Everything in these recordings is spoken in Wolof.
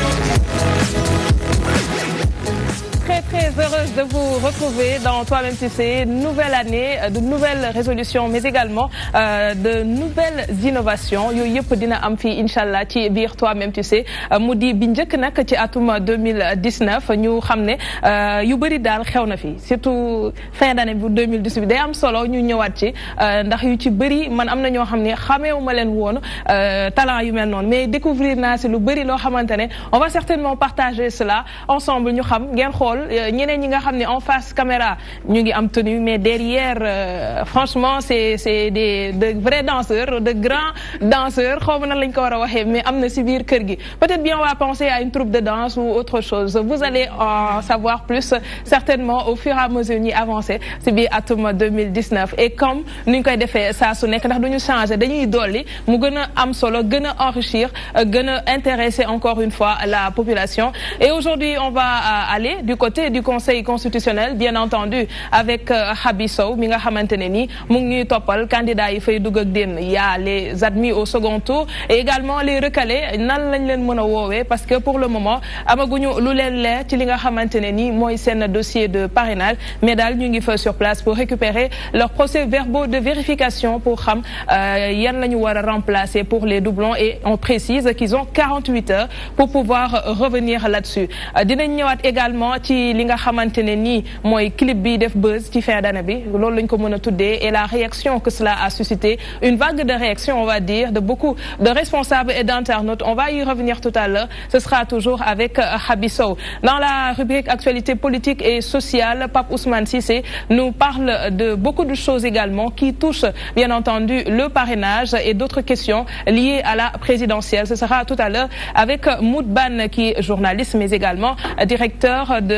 Thank you. très très heureuse de vous retrouver dans Toi-même tu sais, nouvelle année, euh, de nouvelles résolutions, mais également euh, de nouvelles innovations Yo yep dina am fii incha ci biir Toi-même tu sais euh, mu di bi njëkk ci atum 2019 ñu hamne ne yu bari dal xew na fi surtout fin d'année bu 2018 day am solo ñu ñëwaat ci ndax yu ci bari man amna na ñoo xamé wu ma leen talent yu mel non mais découvrir na ci lu bari lo on va certainement partager cela ensemble ñu xam ngeen xool euh, ñeneen ñi nga xam en face caméra ñu ngi am tenue mais derrière euh, franchement c'est c'est des de vrais danseurs de grands danseurs xaw ma nan lañ ko war a waxee mais am na si biir kër gi peut-être bien on va penser à une troupe de danse ou autre chose vous allez en savoir plus certainement au fur et à mesure ñuy avancer si biir atum 2019 et comme ni ñu koy defee saa su nekk ndax duñu changer dañuy dolli mu gën a am solo gën enrichir gën a intéresser encore une fois la population et aujourd'hui on va euh, aller du côté du conseil constitutionnel bien entendu avec euh, Habi Sow mi nga Topol, candidat yi fay Il ak Il y a les admis au second tour et également les recalés nan lañ parce que pour le moment amaguñu lu Tilinga Hamanteneni, moi, li nga dossier de parrainage mais daal ñu sur place pour récupérer leurs procès-verbaux de vérification pour xam euh, yan la remplacé remplacer pour les doublons et on précise qu'ils ont 48 heures pour pouvoir revenir là-dessus euh, dinañ également li nga clip buzz et la réaction que cela a suscité une vague de réaction on va dire de beaucoup de responsables et d'internautes on va y revenir tout à l'heure ce sera toujours avec euh, Habissou dans la rubrique actualité politique et sociale Pape Ousmane Cissé nous parle de beaucoup de choses également qui touchent bien entendu le parrainage et d'autres questions liées à la présidentielle ce sera tout à l'heure avec euh, Moutban qui est journaliste mais également directeur de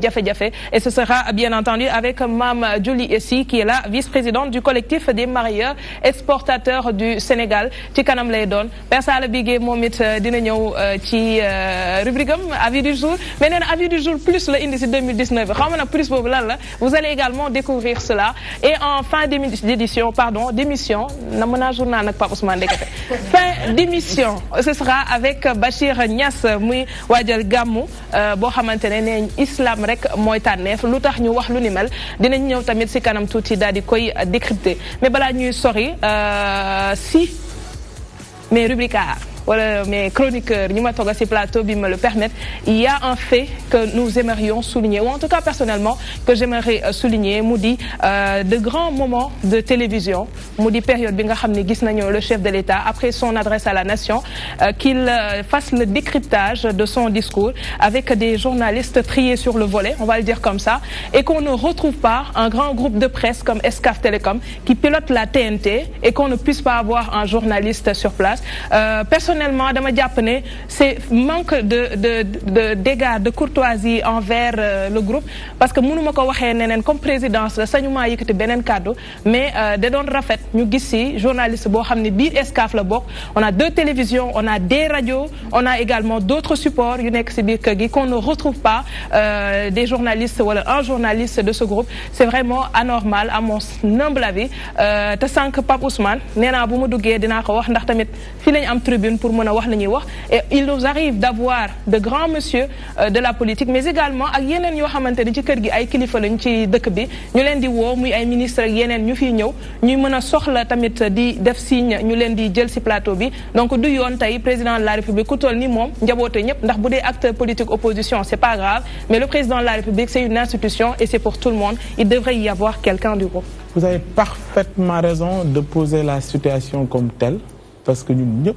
Sénégal et ce sera bien entendu avec Mme Julie Essi qui est la vice-présidente du collectif des marieurs exportateurs du Sénégal ci kanam lay doon qui Sala Bigué moom la euh, euh, euh, rubrique avis du jour mais non, avis du jour plus l'indice 2019 vous allez également découvrir cela et en fin d'édition pardon d'émission journal fin d'émission ce sera avec Bachir Nias muy Wadjel Gamou. boo xamante ne nee islam rek mooy tànneef lu tax ñu wax lu ni mel dinañ ñëw tamit si kanam tuuti daal di koy euh, décrypter mais balaa ñuy sori euh, si mais rubrique voilà, mes chroniqueurs, Niumatogasi Plateau, me le permettent, il y a un fait que nous aimerions souligner, ou en tout cas personnellement, que j'aimerais euh, souligner, Moudi, euh, de grands moments de télévision, Moudi période, le chef de l'État, après son adresse à la nation, euh, qu'il euh, fasse le décryptage de son discours avec des journalistes triés sur le volet, on va le dire comme ça, et qu'on ne retrouve pas un grand groupe de presse comme Escaf Telecom qui pilote la TNT et qu'on ne puisse pas avoir un journaliste sur place. Euh, personnellement, personnellement c'est manque de dégâts de courtoisie envers euh, le groupe parce que nous avons comme présidence mais nous euh, avons rafet journaliste on a deux télévisions on a des radios on a également d'autres supports Une qu'on ne retrouve pas euh, des journalistes un journaliste de ce groupe c'est vraiment anormal à mon humble avis te Pape Ousmane tribune pour wax et il nous arrive d'avoir de grands monsieur euh, de la politique mais également ak yeneen yoo qui ni ci train de ay kilifa lañ ci Nous bi ñu leen di woo muy ay ministre ak yeneen ñu fiy ñëw ñuy mën a soxla tamit di def signe ñu leen di jël si plateau bi donc du yon tay président de la république ku ni moom njaboote ñep ndax boudé acteur politique opposition c'est pas grave mais le président de la république c'est une institution et c'est pour tout le monde il devrait y avoir quelqu'un du groupe vous avez parfaitement raison de poser la situation comme telle parce que nous, ñep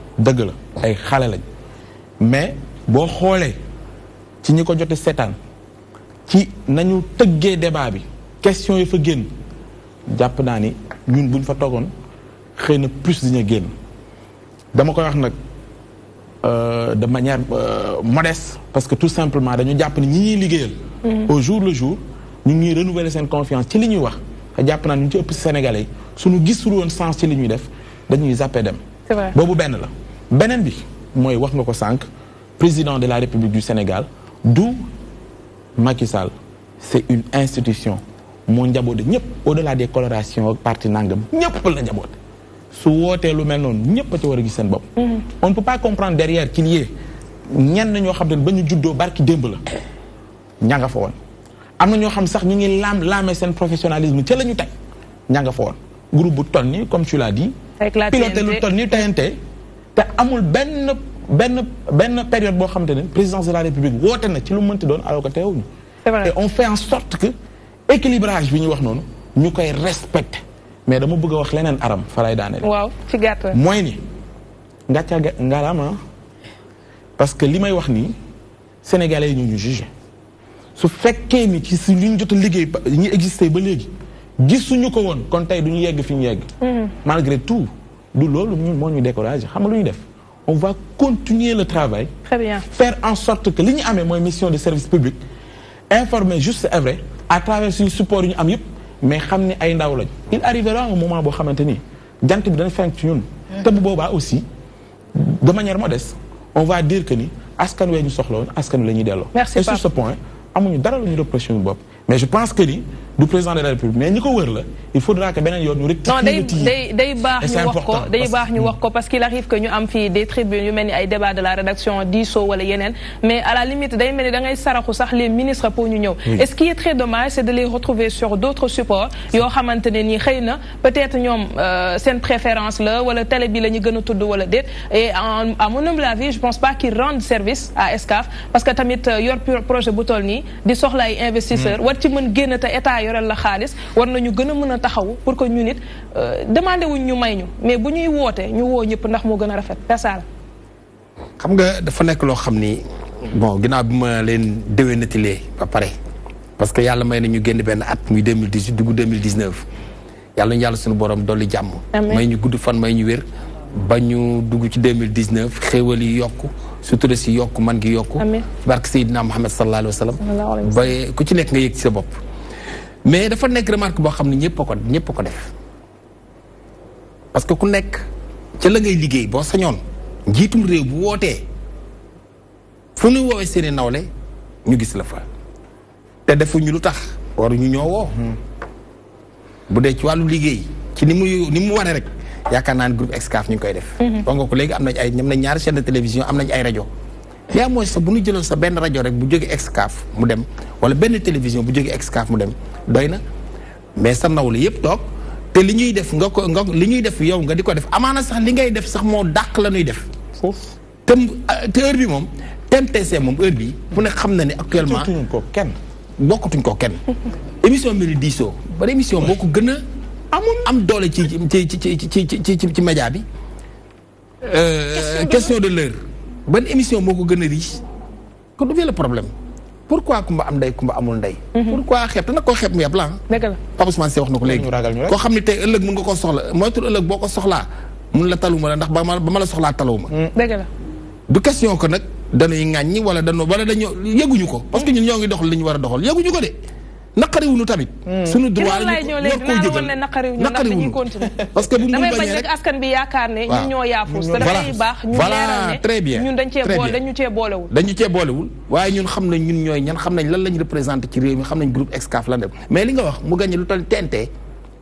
deug la ay xalé lañ mais bo xolé ci ñi ko joti seetaan ci nañu tëggee débat bi question yi fa génn japp naa ni ñun buñ fa togon xeyna plus dina génn dama koy wax nag euh, de manière euh, modeste parce que tout simplement dañu japp ni ñi ñuy liggéeyal mm-hmm. au jour le jour ñu ngi renouveler sen confiance ci li ñuy wax japp jàpp ñu ci ëpp si Sénégalais suñu gisul woon sens ci li ñuy def dañuy zappé dem boobu benn la benen bi mooy wax nga ko sànq président de la république du Sénégal du Macky Sall c'est une institution moo njaboote ñëpp au-delà des colorations ak parti nangam ñëpp la njaboote su wootee lu mel noonu ñëpp ci war a gis seen bopp. Mm-hmm. on ne peut pas comprendre derrière qu'il y ait ñenn ñoo xam ne ba ñu juddoo barki démb la ña nga fa woon. am na ñoo xam sax ñu ngi laam laamee seen professionnalisme ca la ñu teg ña nga fa woon groupe bu toll nii comme tu l'as dit. piloté lu toll nii TNT te amul benn benn benn période boo xamante ne présidence de la république woote na ci lu mënti doon alors que teewuñu et on fait en sorte que équilibrage bi ñu wax noonu ñu koy respecté mais dama bëgg a wax leneen aram falay daaneel waaw ci gàttal mooy ni ngàcca ngalaama ah, parce que li may wax nii sénégalais yi ñu ñu jugé su fekkee ni ci si li ñu jot a liggéey ñu existé ba léegi gisuñu ko woon kon tey du ñu yegg fi ñu yegg mm-hmm. malgré tout du loolu ñu ñu décourage xam nga lu ñu def on va continuer le travail. très bien faire en sorte que li ñu amee mission de service public informer juste et vrai à travers une support yu ñu am mais xam ne ay ndaw lañ. il arrivera un moment boo xamante ni jant bi dana fenk ci ñun. te bu boobaa aussi de manière modeste on va dire que ni askan wee ñu soxla woon askan wi la merci et sur ce point amuñu dara lu ñu répression bopp mais je pense que ni du président de la République mais il faudra que nous nous ñu non day day baax wax ko day hmm. parce qu'il arrive que nous avons des tribunes nous avons des débats de la rédaction wala mais à la limite day avons des da les ministres pour nous. et ce qui est très dommage c'est de les retrouver sur d'autres supports yoo xamante ne nii peut-être c'est euh, une préférence ou wala télé bi la ñu gën et à mon humble avis je pense pas qu'ils rendent service à escaf parce que tamit euh, yor projet bu toll nii di des investisseurs hmm. war ci mën génn état yoreel la xaalis war nañu gën a mën a taxaw pour que ñu nit euh, demandé wuñ ñu may ñu mais bu ñuy wootee ñu woo ñëpp ndax moo gën a rafet pesaal xam nga dafa nekk loo xam ni bon ginnaaw bi ma leen déwénatilee ba pare parce que yàlla may na ñu génn benn at muy 2018 dugg 2019 yàlla ñu yàlla suñu borom dolli jàmm may ñu gudd fan may ñu wér ba ñu dugg ci 2019 xéewal yi yokk sutura si yokk man gi yokk barke Seydina Muhammad sallallahu alayhi wa ba ku ci nekk nga yëg ci sa bopp mais dafa nekk remarque boo xam ne ñëpp ko ñëpp ko def parce que ku nekk ca la ngay liggéey boo sañoon njiitum réew bu wootee fu ñu woowee seeni nawle ñu gis la fa te ñu lu tax waruñu ñoo woo bu dee ci wàllu liggéey ci ni muy ni mu waree rek yaakaar naa ne groupe Excaf ñu ngi koy def. Mhm. wax nga ko léegi am nañ ay ñam nañ ñaari chaîne télévision am nañ ay rajo. yaa mooy sax bu ñu jëloon sa benn rajo rek bu jóge Excaf mu dem wala benn télévision bu jóge Excaf mu dem doy na mais sa nawle yëpp toog te li ñuy def nga ko nga li ñuy def yow nga di ko def amaana sax li ngay def sax moo dàq la ñuy def. foofu te heure bi moom TMTC moom heure bi bu ne xam na ne actuellement bokkatuñ ko kenn. bokkatuñ ko kenn émission bi ni diisoo ba émission boo ko gën a. amul am doole ci ci ci ci ci ci ci média bi. question de l'heure ban émission moo ko gën a riche kon du fee le problème pourquoi Kumba am ndey Kumba amul ndey. Mhm. pourquoi xeeb te nag koo xeeb mu yàpp la ah. dëgg wax na ko léegi. koo xam ne tey ëllëg mun nga koo soxla moytul ëllëg boo ko soxlaa mun la taluma la ndax ba ma ba ma la soxlaa taluma. Mm. dëgg la du question ko nag dañuy ŋàññi wala dañoo wala dañoo yëguñu ko. parce que ñun ñoo ngi doxal li ñu war a doxal yëguñu ko de. naqariwuñu tamit. Hmm. suñu droit ñu war koo jógal naqariwuñu parce que bu ñu bañ rek askan bi yaakaar ne ñun ñoo yaafus. te dafay baax ñu leeral boole dañu cee boolewul. dañu waaye ñun xam nañ ñun ñooy ñan xam nañ lan lañu représenté ci réew mi xam nañ groupe Excaf la dem mais li nga wax mu gagné lu tal TNT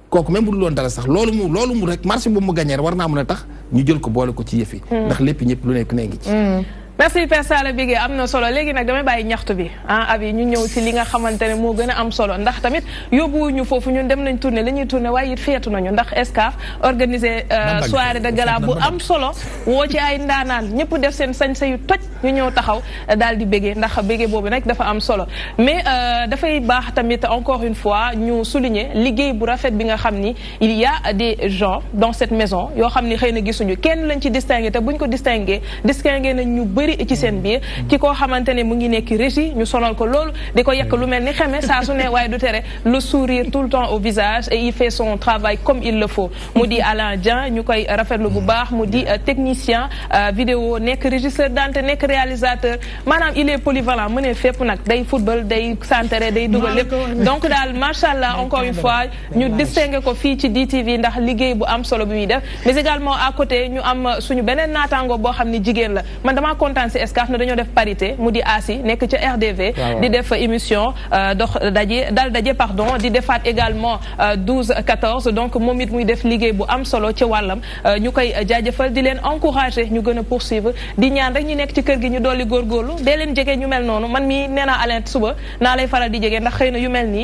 kooku même bu dul woon dara sax loolu mu loolu mu rek marché bu mu gagné war naa mën a tax ñu jël ko boole ko ci yëf hmm. ndax lépp ñëpp lu nekk nee ci hmm. merci Père Sala Bigué am solo légui nak dama baye ñaxtu bi ah abi ñu ñëw ci li nga xamantene mo gëna am solo ndax tamit yobbu ñu fofu ñun dem nañ tourner li ñuy tourné waaye it feetu nañu ndax Excaf organisé euh, soirée de gala bu am solo wo ci ay ndaanaan ñepp def seen sañse yu toj ñu ñëw taxaw euh, daal di bégee ndax bégee bobu nag dafa am solo mais euh, da fay baax tamit encore une fois ñu souligner liggéey bu rafet bi nga xamni il y a des gens dans cette maison yo xamni xeyna gisunu kenn lañ ci distinguer te buñ ko distinguer distingué nañ ñu et ci seen biir ci koo xamante ne mu ngi nekk régie ñu sonal ko loolu di ko yekk lu mel ni xeme su ne waaye du tere le sourire tout le temps au visage et il fait son travail comme il le faut mu di Alain Dieng ñu koy rafetlu bu baax mu di euh, technicien euh, vidéo nekk régisseur d'antenne nekk réalisateur maanaam il est polyvalent mu ne fépp nag day football day santere day dugal lépp donc daal macha encore une fois ñu distingué ko fii ci DTV ndax liggéey bu am solo bi mais également à côté ñu am euh, suñu beneen naataango boo xam ne jigéen la man dama kontaan waxtaan si Excaf ne def parité mu di ASI nek ci RDV ah di def émission euh, dox daje dal daje pardon di defaat également 12 euh, 14 donc momit it muy def liggéey bu am solo ci walam euh, ñukay jajeufal di len encourager ñu gëna poursuivre di ñaan rek ñu nek ci kër gi ñu dolli góorgóorlu dee len jege ñu mel noonu man mi néna alerte suba na lay faral di jege ndax xeyna yu mel ni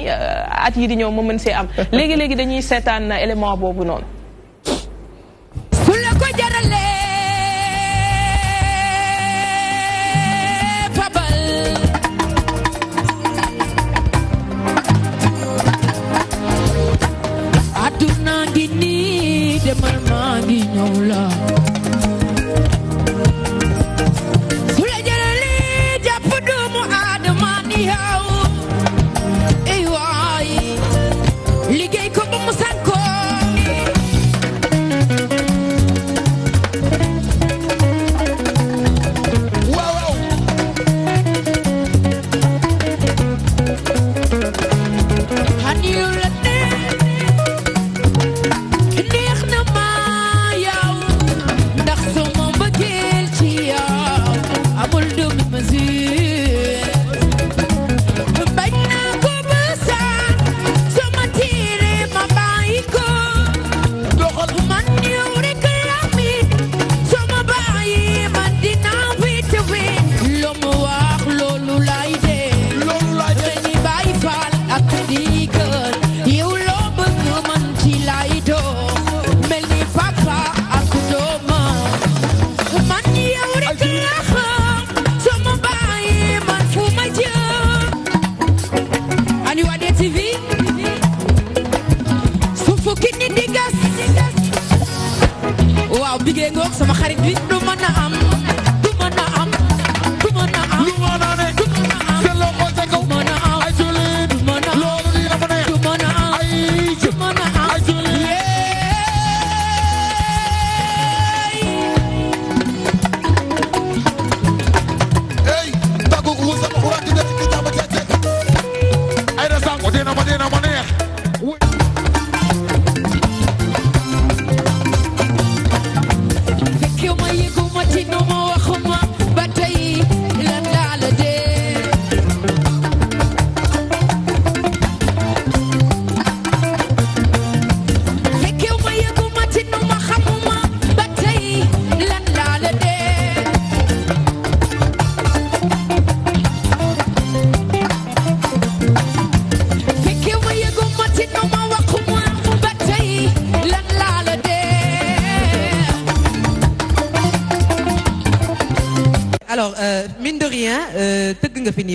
at yi di ñew mo mën see am légui légui dañuy sétane élément boobu non su la mamá niña hola.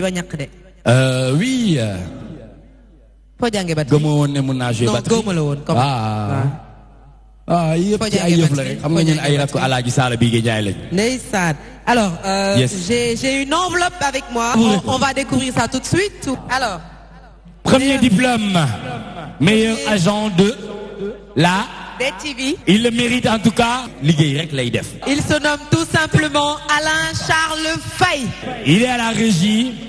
yi ba ñàkk de. oui. foo jàngee batterie gëmoo woon ne mun naa batterie non gëmoo la woon. ah. ah, ah yëpp ci ay yëf la rek xam nga ñun ay rakk alaaji Saala bi gi jaay lañ. ndeysaan alors. Euh, yes. j'ai j'ai une enveloppe avec moi. On, on va découvrir ça tout de suite. alors. premier diplôme. meilleur agent de la. DTV. Il le mérite en tout cas. liggéey rek il se nomme tout simplement Alain Charles Faye. il est à la régie.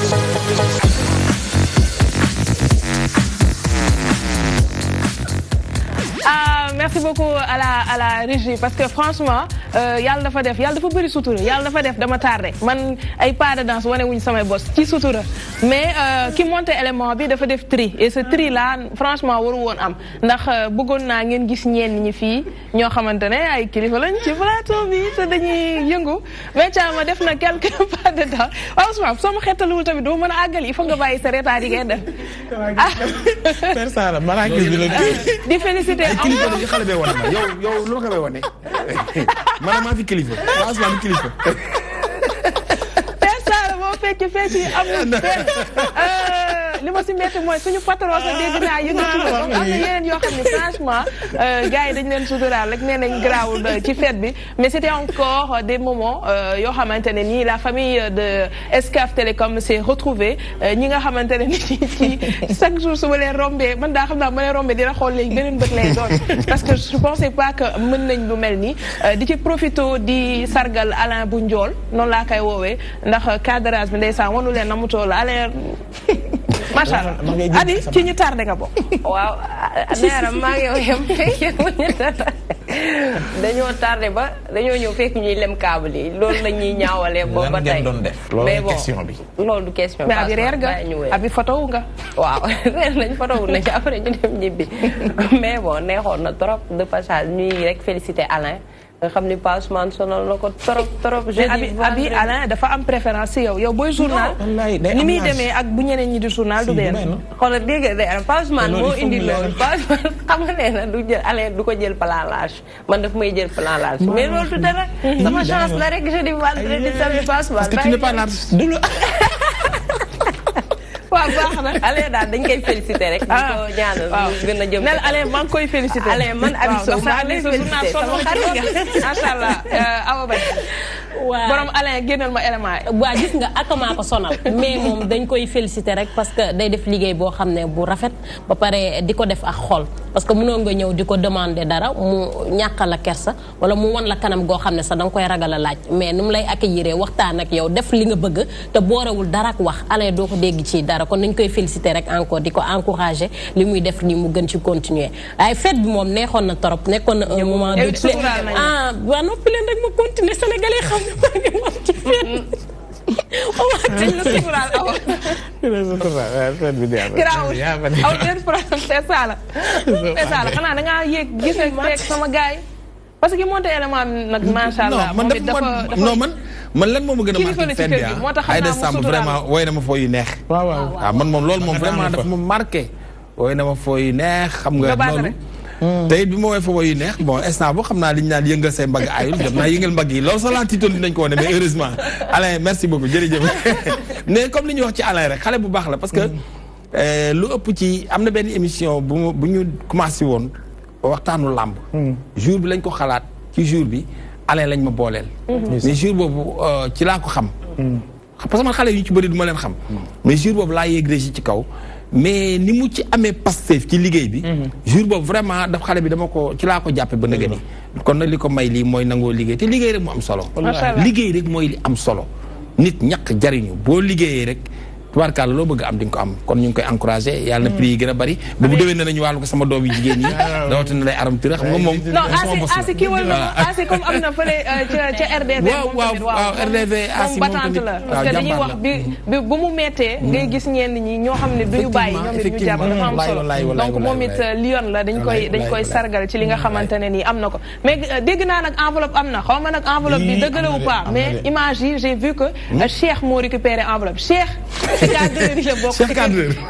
beaucoup à la, à la régie parce que franchement, Euh, yàlla dafa def yàlla dafa bëri sutura yàlla dafa def dama taar tardé man ay pas de dance wane wuñ samay bos ci sutura mais euh, ki monté élément bi dafa def tri et ce tri la franchement waru woon am ndax euh, bëggoon naa ngeen gis ñeen ñi fii ñoo xamante ne ay kilifa lañ ci plateau bi te dañuy yëngu mais caama def na quelque pas de danse waaw Ousmane soo ma xettaluwul tamit doo mën a àggal il faut nga bàyyi sa reetaan yi ngay def ah maraakis bi la ah, di félicité yow yow lu ma Malama Vikilifa. Asma Vikilifa. Pensaram, vou fechar, fechar. li ma si metti mooy suñu patron dégg naa yëngu ci am na yeneen yoo xam ne franchement euh, gars yi dañ leen suturaal rek nee nañ garaawul euh, ci fête bi mais c'était encore euh, des moments yoo xamante ne nii la famille de escaf Télécom s'est retrouvée ñi nga xamante ne nii ci chaque jour su ma leen rombee man daa xam naa ma leen rombee dina xool léegi beneen bët lay doon parce que je pensais pas que mën nañ lu mel nii di ci profito di sargal Alain bu njool noonu laa koy woowee ndax cadrage bi ndeysaan wanu leen namutoo la Alain macha allah Adi ci ñu tardé nga bokk. waaw ah, a maa ngi yow yem dañoo tardé ba dañoo ñëw fekk ñuy lem câble yi loolu la ñuy ñaawalee. boobu ba tey doon def question bi. loolu du question bi abi reer nga abi photo wu nga. waaw reer nañ photo wu nañ après ñu dem ñibbi mais bon neexoon na trop de passage ñuy rek féliciter nga xam ni Pa Ousmane sonal na ko trop trop. jeudi abi Alain dafa am préférence si yow yow booy journal. ni muy demee ak bu ñeneen ñi di journal du benn. xoolal dégg nga day du ko jël plan large man daf may jël plan large. mais loolu du sama chance la rek jeudi vendredi samedi Pa Ousmane. parce que tu waaw baax na Alain daal dañ koy félicité rek. ah waaw ñu ko ñaanal ñu gën a jëm. nel Alain maa ngi koy félicité. Alain man Aliou Sow maa ngi lay félicité sama xarit nga macha allah euh, awa waaw borom Alain génnal ma élément yi. waaw nga akamaa ko sonal. mais moom dañ koy félicité rek parce que day def liggéey boo xam ne bu rafet ba pare di ko def ak xol parce que mënoo nga ñëw di ko demander dara mu ñàkkal la wala mu wan la kanam goo xam ne sax da nga koy ragal a laaj mais nu mu lay accueillir waxtaan ak yow def li nga bëgg te boorewul dara ak wax Alain doo ko dégg ci dara kon nañ koy féliciter rek encore di ko encourager li muy def nii mu gën ci continuer waaye fête bi moom neexoon na trop nekkoon na un moment de. ah xanaa da ngaa yéeg gis rek sama gaay parce que monté élément bi nag macha allah. moom it dafa man man lan moom a gën a marqué fenn bi moo tax Aïda Samb vraiment wooy na ma foo yu neex. waaw waaw moom loolu moom na loolu. Mm. te it bi ma woowee foofu yu neex bon instant boo xam naa li ñu naan yëngal say mbagg ayul dem naa yëngal mbagg yi loolu sax laa tiitoon dinañ ko wane mais comme li ñuy wax ci Alain rek xale bu baax la parce que mm. eh, lu ëpp ci am na benn émission bu bu ñu commencé woon waxtaanu làmb mm. jour bi lañ ko xalaat ci jour bi Alain lañ ma booleel mais jour boobu euh, ci laa ko xam parce man xale yu ci bëri duma leen xam mais jour boobu laa yéeg régi ci kaw mais ni mu ci amee Pastef ci liggéey bi. Mhm. jour boobu vraiment daf xale bi dama ko ci laa ko jàppe ba nëgë ni mhm. kon na li ko may lii mooy nangoo liggéey te liggéey rek mu am solo. liggéey rek mooy li am solo. nit ñàkk jariñu boo liggéeyee rek. tubaarkàlla loo bëgg am di nga ko am kon ñu ngi koy encouragé yàlla na mm. prix yi gën a bari bu mu déwén nañu wàllu ko sama doom yi jigéen ñi a lay aram tira xam moom non am na fële euh, ca ca waaw waaw waaw la parce que dañuy wax bi bu mu mettee mm. ngay gis ñenn ñi ñoo xam ne duñu bàyyi ñoom it ñu jàpp dafa am solo donc moom it Lyon euh, la dañ koy dañ koy sargal ci li nga mm. xamante ne nii am na ko mais euh, dégg naa nag enveloppe am na xaw ma nag enveloppe bi dëgg la ou pas mais image yi j'ai vu que Cheikh moo récupéré enveloppe Cheikh cadre yi la bokk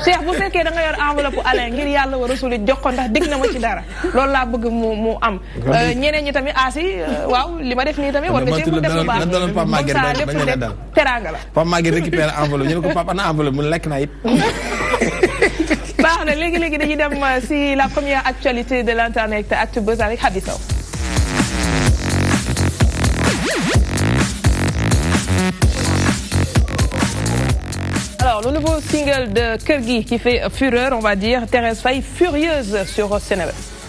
Cheikh bu fekkee da nga yor enveloppe bu Alain ngir yàlla wa rasuli jox ko ndax dig na ma ci dara loolu laa bëgg mu mu am euh, ñeneen ñi tamit aasi ah, euh, waaw li ma def nii tamit war nga ci mu def lu baax comme ça lépp lépp teraanga la Pape Maguette récupère enveloppe ñu ne ko Pape ana enveloppe mu lekk naa it baax na léegi-léegi dañuy dem euh, si la première actualité de internet. Actu Buzz avec Habi le nouveau single de Kirgi qui fait fureur, on va dire, Thérèse Faye furieuse sur CNN.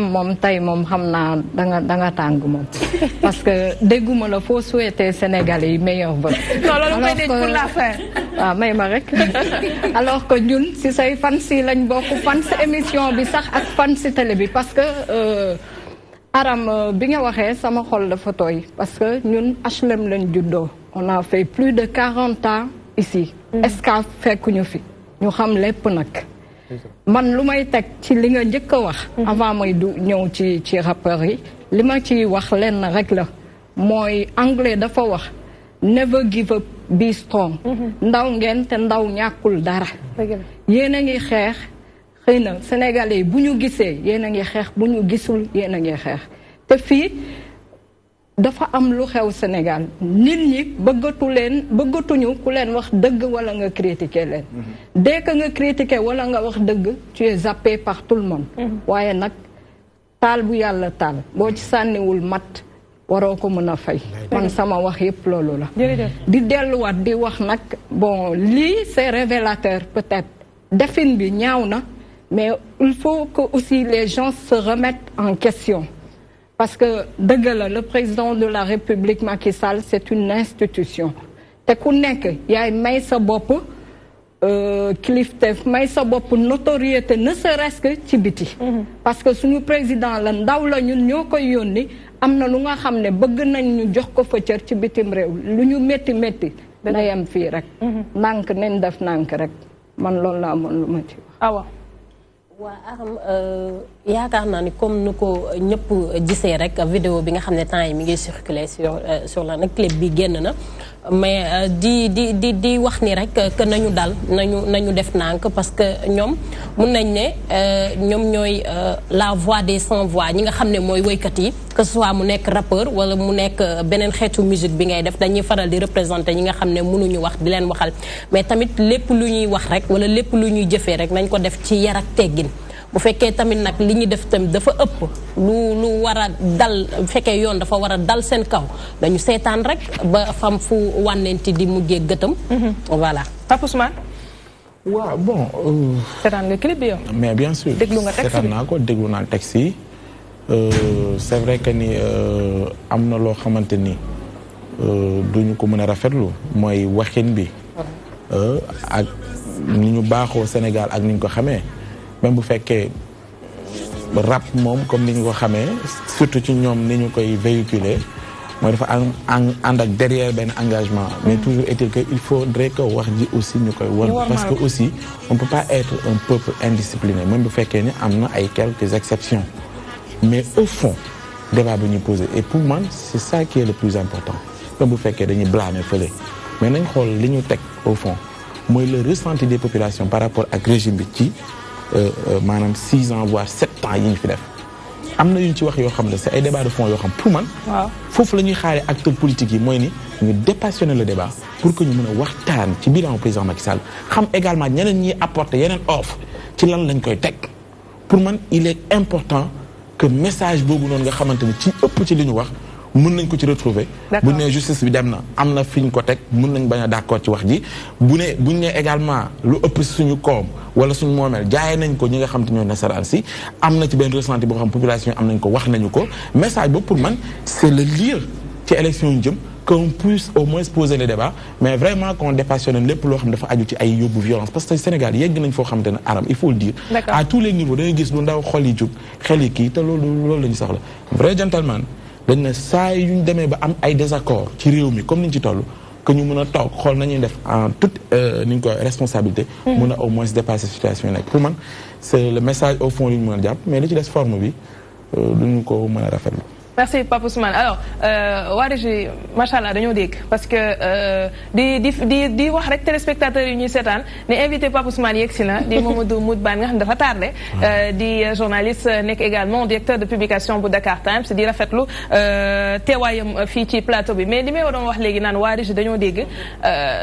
mom tay mom xamna da nga danga danga tang mom parce que dégguma la foo souhaiter Sénégalais meilleur vœu. non loolu may pour la fin. waaw ah, may ma rek alors que ñun si say fan si lañ bokk fan si émission bi sax ak fan si télé bi parce que euh, Aram euh, bi nga waxé sama xol dafa toy parce que ñun HLM lañ juddo on a fait plus de quarante ans ici. Mm. est-ce qu'a fait fekkuñu fi ñu xam lépp nak man lu may teg ci li nga njëkk a wax. Mhm. avant may du ñëw ci ci rappeurs yi li ma ci wax lenn rek la mooy anglais dafa wax never give up be strong. Mhm. ndaw ngeen te ndaw ñàkkul dara. yéen a ngi xeex xëy na sénégalais bu ñu gisee yéen a ngi xeex bu ñu gisul yéen a ngi xeex te fii. dafa am lu xew Sénégal nit ñi bëggatu leen bëggatuñu ku leen wax dëgg wala nga critiquer mhm. dès que nga critiquer wala nga wax tu es zappé par tout le monde. Mhm. waaye nag taal bu yàlla taal boo ci mat waroo ko fay. man sama wax loolu la. di bon lii c'est révélateur peut-être defin bi mais il faut que aussi les gens se remettent en question parce que dëgg le président de la république Macky Sall c' une institution te y a yaay may sa bopp euh, kilifteef may sa bopp notoriété ne serait-ce que ci mhm. parce que suñu président la ndaw la ñun ñoo koy yónni lu nga xam bëgg nañ ñu jox ko feccer ci bitim réew lu ñu metti métti na yem fii rek mhm. nànk nañ def nank rek man loolu la amoon lu ma ci wax ah waa Aram euh, yaakaar naa ni comme nu ko ñëpp gisee rek vidéo bi nga xam ne temps yi mi ngi circuler sur euh, sur la nag clip bi génn na mais euh, di di di di wax ni rek que nañu dal nañu nañu def nànk parce que ñoom mun nañ ne euh, ñoom ñooy euh, la voix des sans voix ñi nga xam ne mooy woykat yi que ce soit mu nekk rappeur wala mu nekk beneen xeetu musique bi ngay def dañuy faral di représenté ñi nga xam ne mënuñu wax di leen waxal mais tamit lépp lu ñuy wax rek wala lépp lu ñuy jëfee rek nañ ko def ci yar ak teggin bu fekke tamit nak liñu def tam dafa ëpp lu lu wara dal fekke fekkee yoon dafa wara dal sen kaw dañu setan rek ba fam fu wanenti di mujjee gëtam. Mm-hmm. voilà Pape Ousmane. wa bon. Euh, seetaan nga clip bi yow. mais bien sûr deglu nga taxi bi nako deglu na taxi euh c'est vrai que ni euh amna lo xamanteni euh duñu ko mëna a rafetlu moy waxin bi. Euh, ak niñu baxo Sénégal ak niñ ko xamé même bu fekkee rap moom comme ni ñu ko xamee surtout ci ñoom ni ñu koy véhiculer mooy dafa ànd ànd ak derrière benn engagement. Mm. mais toujours est-il que il faudrait que wax ji aussi ñu koy parce que aussi on peut pas être un peuple indiscipliné même bu fekkee ni am na ay quelques exceptions mais au fond débat bi ñu posé et pour moi, c'est ça qui est le plus important même bu fekkee dañuy blâmer fële mais nañ xool li ñu teg au fond mooy le ressenti des populations par rapport ak régime bi ci. Euh, euh, maanaam six ans voire sept ans yiñ fi def am na yu ci wax yoo xam ne c'est ay débat de fond yoo xam pour man foofu la ñuy xaaree acteurs politiques yi mooy ni ñu dépassionner le débat pour que ñu mën a waxtaan ci bilan président Macky Sall xam également ñeneen ñi apporter yeneen offre ci lan lañ koy teg pour man il est important que message boobu noonu nga xamante ni ci ëpp ci li ñu wax mën nañ ko ci retrouver bu ne justice bi dem na am na fi ko teg mën nañ bañ a d'accord ci wax ji bu ne buñ ne également lu ëpp suñu koom wala suñu moomeel jaay nañ ko ñi nga xam te ñooy nasaraan si am na ci benn ressenti boo xam population am nañ ko wax nañu ko message boobu pour man c'est le lire ci élection yu jëm qu'on puisse au moins poser le débat mais vraiment qu'on dépassionne lépp loo xam dafa aju ci ay yóbbu violence parce que Sénégal yegg nañ foo xam ne aram il faut le dire à tous les niveaux da ngay gis lu ndaw xol yi jóg xel yi kii te loolu loolu la ñu soxla vrai gentleman dañ ne saa yu ñu demee ba am ay désaccords ci réew mi comme ni ci toll que ñu mën a toog xool nañuy def en toute euh, ni ko responsabilité. Mm. mën a au moins dépasser situation yi nekk pour man c' est le message au fond du ñu mën a jàpp mais li ci des forme bi euh, duñu ko mën a rafetlu merci Pape Ousmane alors euh, régie Machallah, nous dañoo parce que euh, di di di di wax rek téléspectateurs yi ñuy seetaan invité Pape Ousmane Yexina, di Mamadou Moutbane nga xam dafa tardé. Euh, di journaliste euh, nek également directeur de publication au Dakar Times di euh téwayam fi ci plateau bi mais li may waroon wax légui naan waa régie dañoo dégg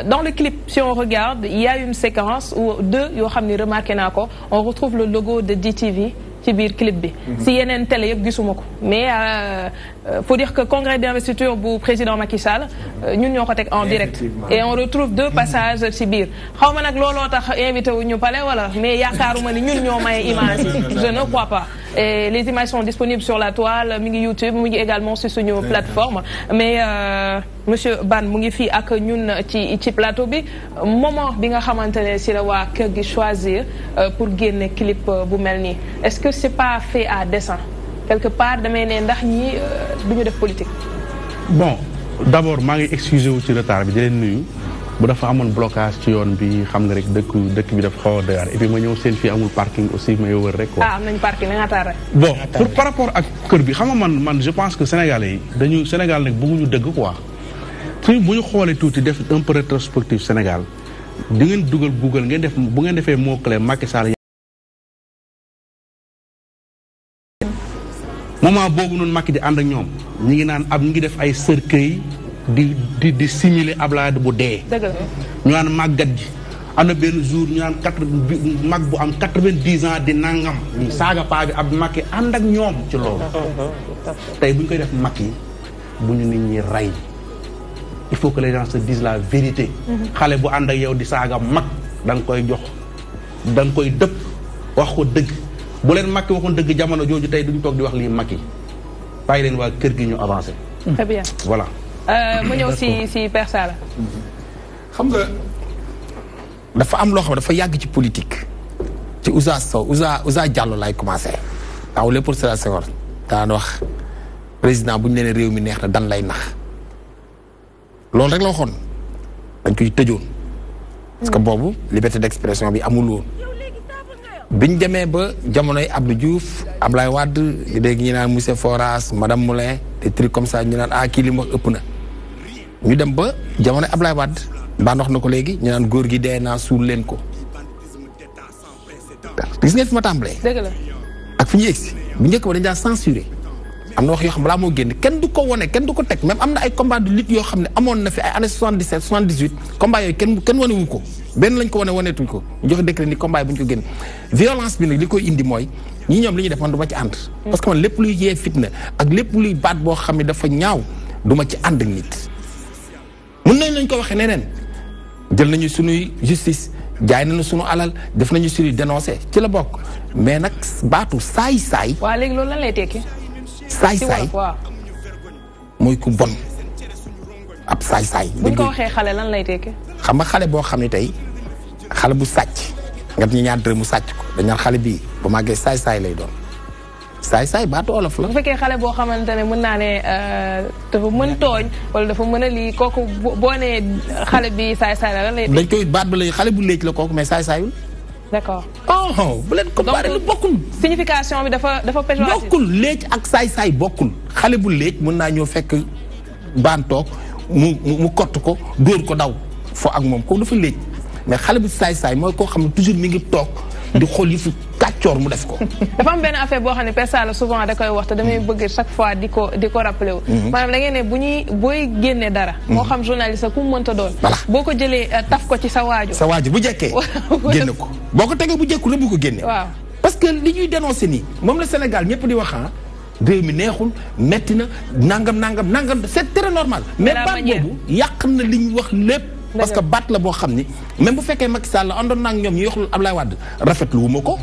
dans le clip si on regarde il y a une séquence où deux yo xamni remarqué naa on retrouve le logo de DTV ci biir clip bi. Mhm. si yeneen télé yëpp gisuma ko mais euh, euh, faut dire que congrès d'investiture bu président Macky Sall euh, ñun ñoo ko en direct. et on retrouve deux passages ci biir xaw ma nag looloo tax invité wu ñu pale wala mais yaakaaruma ni ñun ñoo maye image je ne crois pas. Et les images sont disponibles sur la toile, sur YouTube, Mingi également sur nos plateforme. Mais monsieur Ban mu ngi fii ak ñun ci ci plateau bi moment bi nga xamantene si la waa kër gi choisir euh, pour génne clip euh, bu mel nii est-ce que c'est pas fait à dessein quelque part damay ne ndax ñi euh, du ñu def politique. bon d'abord maa ngi excusé wu ci retard bi di leen nuyu bu dafa amoon blocage ci yoon bi xam nga rek dëkk dëkk bi dafa xaw a doyaar et puis ma ñëw seen fii amul parking aussi may yowal rek. ah am nañu parking nga tardé. bon pour par rapport ak kër bi xam nga man man je pense que sénégalais yi dañu Sénégal nag bëgguñu dëgg quoi. suñu bu ñu xoolee tuuti def un peu rétrospective Sénégal di ngeen dugal Google ngeen def bu ngeen defee mot clé Macky Sall moment boobu noonu Macky di ànd ak ñoom ñi ngi naan ab ngi def ay cercueil di di di simuler Ablaye bu dee. ñu naan màggat ji am na benn jour ñu naan quatre mag bu am 90 ans di nangam. ni saaga paa bi ab Macky ànd ak ñoom ci loolu. tey buñ koy def Macky bu ñu nit ñi rey. il faut que les gens se disent la vérité. xale bu ànd ak yow di saaga mag da koy jox da koy dëpp wax ko dëgg bu leen Macky waxoon dëgg jamono jooju tey duñ toog di wax lii makki bàyyi leen waa kër gi ñu avancé. très bien voilà. Euh, mu ñëw si si Père Sala. xam nga dafa am loo xam ne dafa yàgg ci politique ci Ousa Sow Ousa Ousa Diallo laay commencé. waaw lépp pour cela Senghor daan wax président bu ñu leen réew mi neex na dan lay nax. loolu rek la waxoon dañ koy tëjoon. parce que boobu liberté d'expression bi amul woon. biñ demee ba jamonoy Abdou Diouf Ablaye Wade di dégg ñu naan monsieur Foras madame Moulin des trucs comme ça ñu naan a ah, kii li ëpp na. ñu dem ba jamonoy Ablaye Wade mbaan wax na ko léegi ñu naan góor gi dee naa suul leen ko. gis ngeen fi ma tàmbalee. dëgg ak fi ñu yegsi bu njëkk ba dañ daa censuré. am na wax yoo xam balaa moo génn kenn du ko wone kenn du ko teg même am na ay combat de lutte yoo xam ne amoon na fi ay années 77 78 combat yooyu kenn kenn wane wu ko benn lañ ko wane waneetuñ ko jox ni ko génn violence bi nag li koy indi mooy ñi ñoom li ñuy def man du ma ci ànd parce que man lépp luy ak lépp luy baat boo xam ne dafa ñaaw du ma ci ànd ak nit mun lañ ko waxee neneen jël nañu suñuy justice jaay nañu suñu alal def nañu suñuy dénoncé ci la bokk mais nag baatu saay saay. waa léegi loolu lan lay tekki. saay-saay mooy ku bon ab saay-saay. buñ ko waxee xale lan lay tekki. xam nga xale boo xam ne tey xale bu sàcc nga ñu ñaar dërëm mu sàcc ko dañu xale bi bu màggee saay-saay lay doon. saay saay baatu olof la. fekkee xale boo xamante ne mën naa ne euh, dafa mën tooñ wala dafa mën a lii kooku boo nee xale bi saay saay la lan lay. dañ koy baat ba lay xale bu léegi la kooku mais saay saayul. d'accord oh bu leen comparé lu bokkul. signification bi dafa dafa péjoratif. bokkul léegi ak saay-saay bokkul xale bu léegi mën naa ñoo fekk baantoog mu mu kott ko dóor ko daw fo ak moom ko dafa léegi mais xale bu saay-saay mooy koo xam ne toujours mi ngi toog di xool yi fu coor mu def ko. dafa am benn affaire boo xam ne Père Sall souvent da koy wax te damay bëgg chaque fois di ko di ko rappelé wu. Mhm. maanaam da ngeen ne bu ñuy booy génnee dara. Mhm. moo xam journaliste ku mënta doon. voilà boo ko jëlee euh, taf ko ci sa waaju. sa waaju bu jekkee génn ko boo ko tegee bu jekku rek bu ko génne. waaw parce que li ñuy dénoncé nii moom la Sénégal ñëpp di wax ah, réew mi neexul metti na nangam nangam nangam c'est très normal. mais baat boobu yàq na li ñu wax lépp. parce que baat la boo xam ni même bu fekkee Macky Sall àndoon naa ak ñoom ñuy wax Ablaye Wade rafetlu wu ma ko.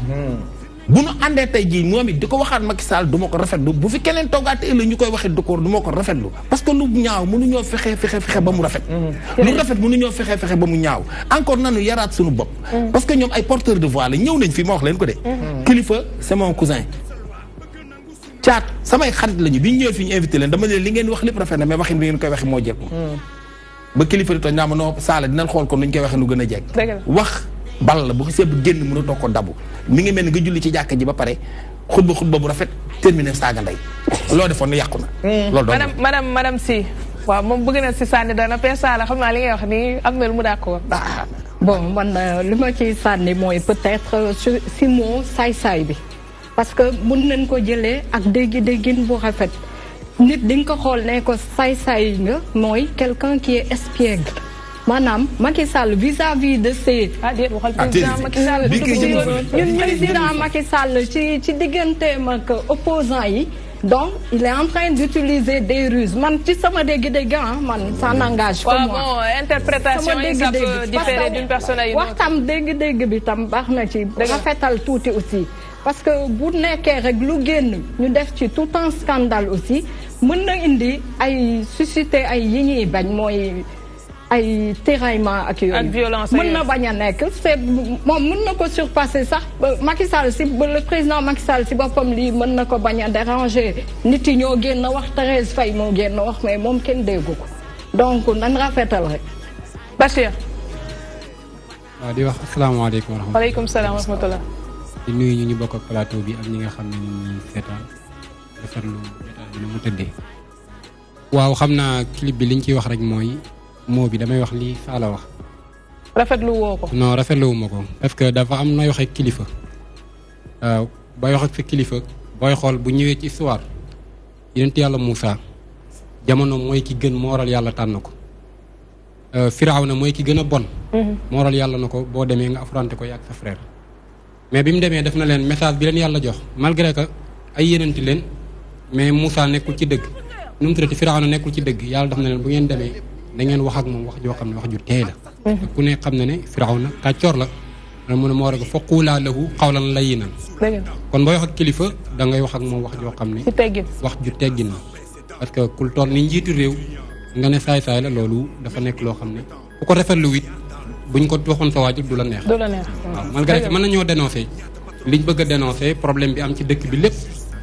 bu nu àndee tey jii moom it di ko waxaat Macky Sall du ma ko rafet lu bu fi keneen toogaatee ëllëg ñu koy waxee dëkkoor du ma ko rafetlu parce que lu ñoo fexe fexe fexe ba mu rafet mm. lu rafet fexe fexe ba mu ñaaw encore nanu yaraat suñu bopp mm. parce que ñoom ay porteur de voix la ñëw nañ fi ma wax leen ko de mm. kilifa c'est mon cousin caat samay xarit lañu bi ñu ñëwee fi ñu invité leen dama leen li ngeen wax lépp rafet moo jekku ba kilifa di tooñ naa ma saala dina xool comme ni ñu koy waxee nu gën a jekk wax bal la bu xisee bu génn mënatoo ko dabu mi ngi mel ni nga julli ci jàkka ji ba pare xutba xutba bu rafet terminé saaga ndey loo defoon nu yàqu na hmm. loolu madame madame madame si waaw moom bëgg na si sànni dana pe saala xam naa li ngay wax nii am na lu mu d'accord ah. euh, li ma ciy sànni mooy peut-être euh, si moo saay-saay bi parce que mun nañ ko jëlee ak déggi déggin bu rafet nit avons ko quelqu'un qui est espiègle Manam, Macky vis-à-vis de président Macky président il est en train d'utiliser des ruses. Man, tu sais, des gars, man, ça n'engage que Bon, interprétation, ça peut différer d'une personne à une autre. Waxtam dégg dégg bi tam aussi. Parce que bu nekké rek lu génn tout un scandale aussi mën na indi ay susciter ay yi ñuy bañ mooy ay tiraillement ak yooyu. ak violence mën na bañ a nekk c' est moom mën na ko surpasser sax Macky Sall si le président Macky Sall si boppam lii mën na ko bañ a déranger nit yi ñoo génn wax Thérèse Faye moo génn wax mais moom kenn déggu ko donc nan rafetal rek. Bachir. waaw ah, di wax asalaamaaleykum wa rahmatulah. waaleykum wa rahmatulah. di nuyu ñu ñu bokk ak plateau bi ak ñi nga xam ne ñu ngi seetaan. rafetlu état bi nu mu waaw xam naa clip bi liñ ciy wax rek mooy moo bi damay wax li faala wax. rafetlu woo ko. non rafetlu wu ma ko parce que dafa am nooy waxee kilifa waaw euh, booy wax sa kilifa booy xool bu ñëwee ci histoire yonent yàlla Moussa jamono mooy ki gën moo yàlla tànn ko. Euh, na mooy ki gën a bon. Mm-hmm. moo yàlla na ko boo demee nga affronté ko ak sa frère. mais bi mu demee def na leen message bi leen yàlla jox malgré que ay yéenanti leen mais Moussa nekkul ci dëgg nu mu tuddati Firawna nekkul ci dëgg yàlla daf na leen bu ngeen demee da ngeen wax ak moom wax joo xam ne wax ju teey la mhm. ku ne xam na ne Firawna kàccoor la dana mun a moo rek fa quulaa lahu qawlan layyinan kon booy wax kilifa da ngay wax ak moom wax joo xam ne wax ju teggin la parce que ku toll ni njiitu réew nga ne saay-saay la loolu dafa nekk loo xam ne ku ko rafetlu bu buñ ko waxoon sa waajur du la neex waaw malgré que mën nañoo dénoncé liñ bëgg a dénoncé problème bi am ci dëkk bi lépp